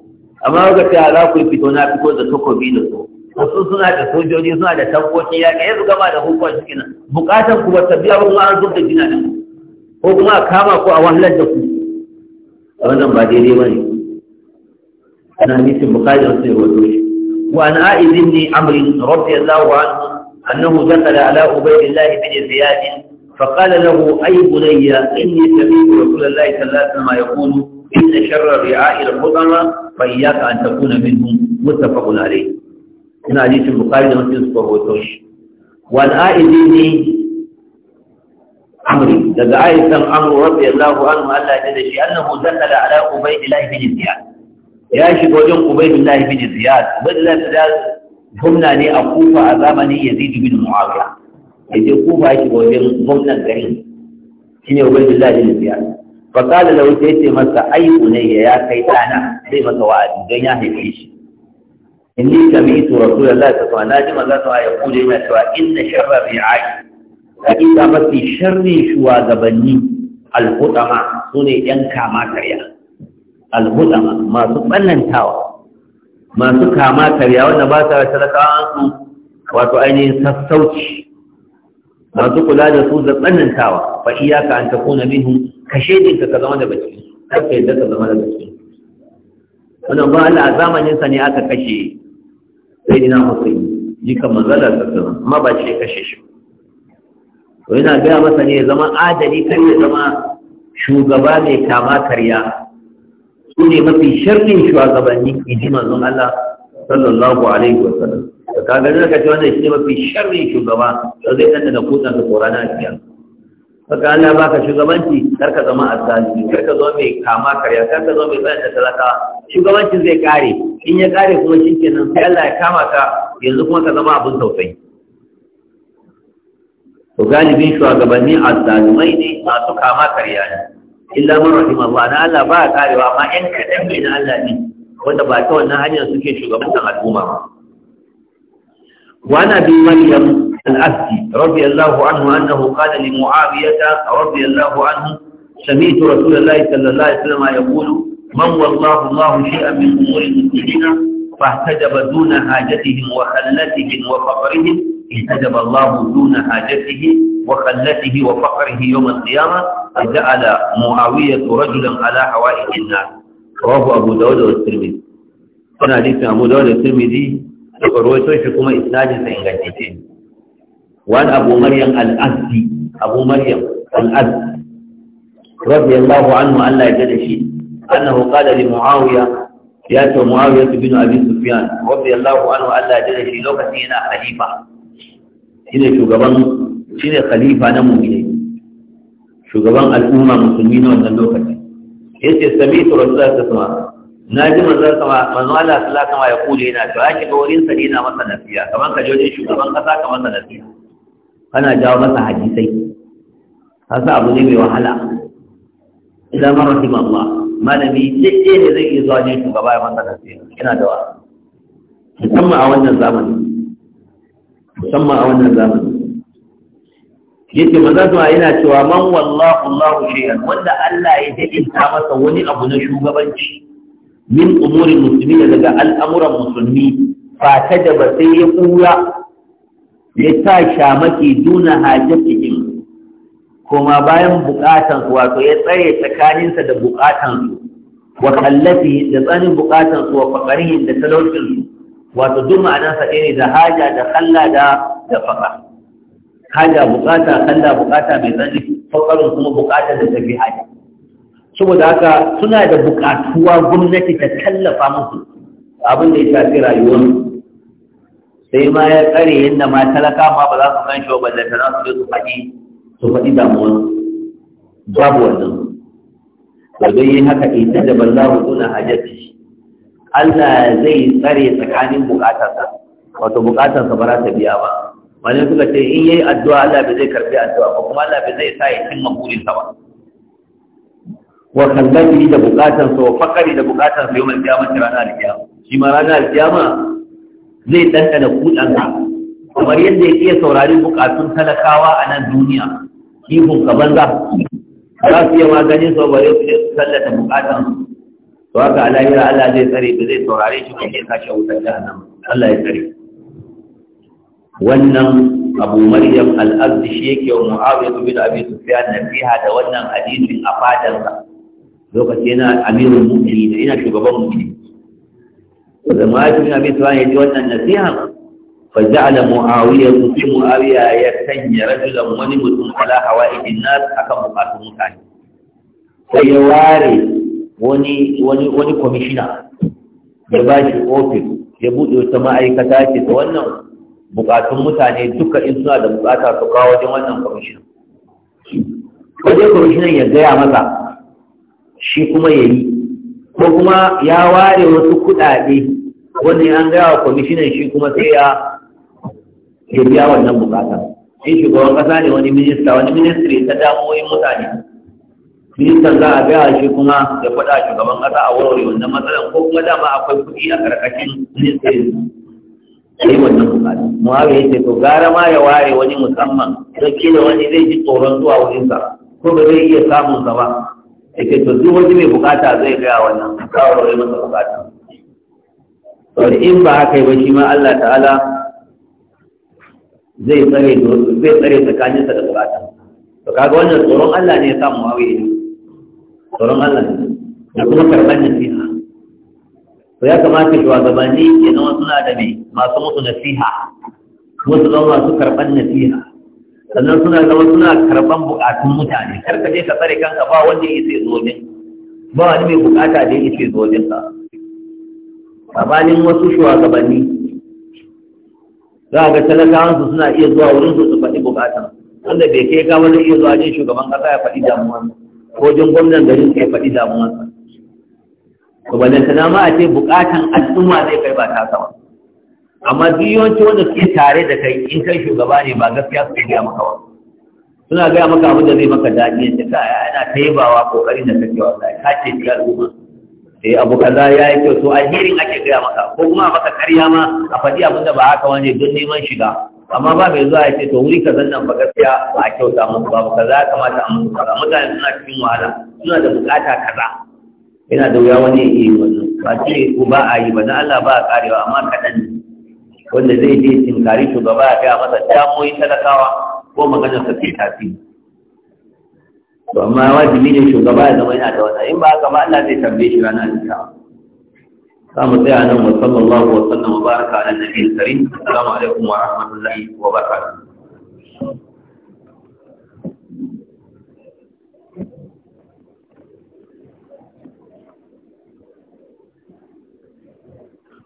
S1: amma ga ta za ku fito na fito da takobi da so wasu suna da sojoji suna da tankoki ya kai su gaba da hukumar shi bukatar ku ba biya an zubda gina da ko kuma a kama ku a wahalar da ku a wannan ba daidai ba ne ana nufin bukatar su ya wato shi وعن عائذ بن عمرو رضي الله عنه أنه دخل على عبيد الله بن زياد فقال له أي بني إني سمعت رسول الله صلى الله عليه وسلم يقول إن شر الرعاء الحطمة فإياك أن تكون منهم متفق عليه ina hadisin bukari da muslim suka rawaito shi wal aidi ne amri daga aisan amru rabbi allah anhu allah ya da shi annahu dakala ala ubaydillah bin ziyad ya shiga wajen ubaydillah bin ziyad ubaydillah bin ziyad gwamna ne a kufa a zamanin yazid bin muawiya je kufa ya shigo wajen gwamnan garin shine ubaydillah bin ziyad fa qala lahu sai ce masa ayyuna ya kai dana sai masa wa'azi don ya haife shi inni sami'tu rasulullahi sallallahu alaihi wasallam naji manzo ya kuje yana cewa inna sharra bi'ai hakika mafi sharri shugabanni al-hudama sune yan kama karya al-hudama masu tsanantawa masu kama karya wanda ba sa talakawan su wato ainihin sassauci masu kula da su da tsanantawa fa iyaka an takuna minhum ka shedinka ka zama da baki kar ka yadda ka zama da baki wannan ba Allah a zamanin sa ne aka kashe sai ina musu yi kan manzala ta sama amma ba shi kashe shi to yana gaya masa ne zama adali kan ya zama shugaba mai kama karya su ne mafi sharrin shugabanni iji manzon Allah sallallahu alaihi wa sallam ka ga da ka ce wannan shi mafi sharrin shugaba to zai danna da kutan da korana a cikin Saka Allah ba ka shugabanci kar ka zama azzalimi kar ka zama mai kama karya kar ka zama mai tsayar da talaka shugabancin zai kare in ya kare kuma shi kenan, sai Allah ya kama ka yanzu kuma ka zama abin tausayi to galibin shugabanni azzalimai ne masu kama karya ne illa man rahim Allah na Allah ba karewa amma yan kadan mai na Allah ne wanda ba ta wannan hanyar suke shugabantar al'umma ba wa na bi maryam الأبدي رضي الله عنه أنه قال لمعاوية رضي الله عنه سمعت رسول الله صلى الله عليه وسلم يقول من والله الله شيئا من أمور المسلمين فاحتجب دون حاجتهم وخلتهم وفقرهم احتجب الله دون حاجته وخلته وفقره يوم القيامة فجعل معاوية رجلا على حوائج الناس رواه أبو داود والترمذي أنا حديث أبو داود والترمذي رويته كما إسناد فإنجلتين وعن أبو مريم الأزدي أبو مريم الأزدي رضي الله عنه أن لا يجد أنه قال لمعاوية يا معاوية بن أبي سفيان رضي الله عنه أن لا يجد لو كثيرا خليفة شنو شغبان شنو خليفة نمو shugaban al'umma musulmi na lokaci ya ce sami su za su sama na ji manzan su lakama ya kule yana to ya shiga wurin sa ne shugaban kana jawo masa hadisai sa abu ne mai wahala idan mara rahim Allah malami dai ne zai iya zuwa ne shugaba ya masa nasiha yana da wa musamman a wannan zamani musamman a wannan zamani yake maza su zuwa yana cewa man wallahu Allahu shay'an wanda Allah ya ta masa wani abu na shugabanci min umurin musulmi daga al'amuran musulmi fata da ba sai ya kura ya sa shamaki duna hajjatihim kuma bayan bukatansu wato ya tsare tsakaninsa da bukatansu wa kallafi da tsanin bukatansu wa fakarihin da talaucinsu wato duk ma'anarsa ɗaya ne da haja da kalla da da faka haja bukata kalla bukata mai tsanani fakarin kuma bukata da tafi haja saboda haka suna da bukatuwa gwamnati ta tallafa musu abin da ya shafi rayuwarsu sai ma ya tsare yadda ma talaka ma ba za su san shi da ta na su je su faɗi su faɗi damuwar babu wannan wajen yin haka ita da ban za mu tuna hajjaci Allah zai tsare tsakanin bukatarsa wato bukatarsa ba za ta biya ba wani suka ce in yi addu'a Allah bai zai karbi addu'a ba kuma Allah bai zai sa ya cimma sa ba wa kallabi da bukatarsa wa fakari da bukatarsa yau mai rana da kiyama shi ma ranar kiyama zai ɗanɗana kuɗansa kamar yadda ya iya saurari bukatun talakawa a nan duniya kifin ka banza za su iya maganin su bare su su tallata bukatan Su haka alahira Allah zai tsare ba zai saurare shi kuma ya a wutar jahannam Allah ya tsare wannan Abu Maryam al shi yake wa Muawiya bin Abi Sufyan nasiha da wannan hadisin a fadansa lokacin yana amirul mu'minin yana shugaban mu'minin da ma'aikin abin tuwa wani ji wannan nasiha faja'ala mu'awiya su fi mu'awiya ya sanya rajulan wani mutum ala hawa hawa'idin nas akan bukatun mutane sai ya ware wani wani wani commissioner ya ba shi ofis ya buɗe wata ma'aikata ce ta wannan bukatun mutane duka in suna da bukata su kawo wajen wannan commissioner wajen commissioner ya gaya masa shi kuma ya yi ko kuma ya ware wasu kuɗaɗe wani an gaya wa kwamishinan shi kuma sai ya ya biya wannan bukata shi shugaban kasa ne wani minista wani ministry ta damoyin mutane ministan za a gaya shi kuma ya faɗa shugaban kasa a warware wannan matsalan ko kuma dama akwai kuɗi a ƙarƙashin ministry yi wannan bukata muhawi ya ce to gara ma ya ware wani musamman don kila wani zai ji tsoron zuwa wurinsa ko ba zai iya samun ba ya ce to duk wani mai bukata zai gaya wannan kawarware masa bukata wanda in ba haka yi ba shi ma Allah ta'ala zai tsare zai tsare tsakaninsa da bukata to kaga wannan tsoron Allah ne ya samu ne tsoron Allah ne da kuma karɓar nasiha to ya kamata shugabanni ya zama suna da mai masu musu nasiha kuma su zama masu karɓar nasiha sannan suna zama suna karɓar bukatun mutane kar ka je ka tsare kanka ba wanda ya isa zo ne ba wani mai bukata da ya isa zo ne sabanin wasu shugabanni za a ga talakawansu suna iya zuwa wurin su su faɗi bukatan wanda bai kai ka wani iya zuwa jin shugaban ƙasa ya faɗi damuwa ko jin gwamnan garin ya faɗi damuwansa to ba lantana ma a ce bukatan al'umma zai kai ba ta sama amma duk yawanci wanda suke tare da kai in kai shugaba ne ba gaskiya suke gaya maka ba suna gaya maka abin da zai maka daɗi ya ce ka yana taibawa kokarin da kake wa ka ce ki al'umma eh abu kaza ya yi kyau to alherin ake gaya maka ko kuma maka karya ma a faɗi abin da ba haka wani don neman shiga amma ba mai zuwa ya ce to wuri kazan nan ba gaskiya ba a kyauta musu ba kaza ya kamata a musu kaza mutane suna cikin wahala suna da bukata kaza yana da wuya wani ya yi wannan ba ce ko ba a yi ba na Allah ba a karewa amma kaɗan wanda zai je tinkari shugaba ya gaya masa damoyi talakawa ko maganar sa ke tasiri to amma wajibi ne shugaba ya zama yana da wata in ba haka ba Allah zai tambaye shi ranar alkiyama za mu tsaya nan wa sallallahu wa sallam wa baraka ala nabiyil karim assalamu alaikum wa rahmatullahi wa barakatuh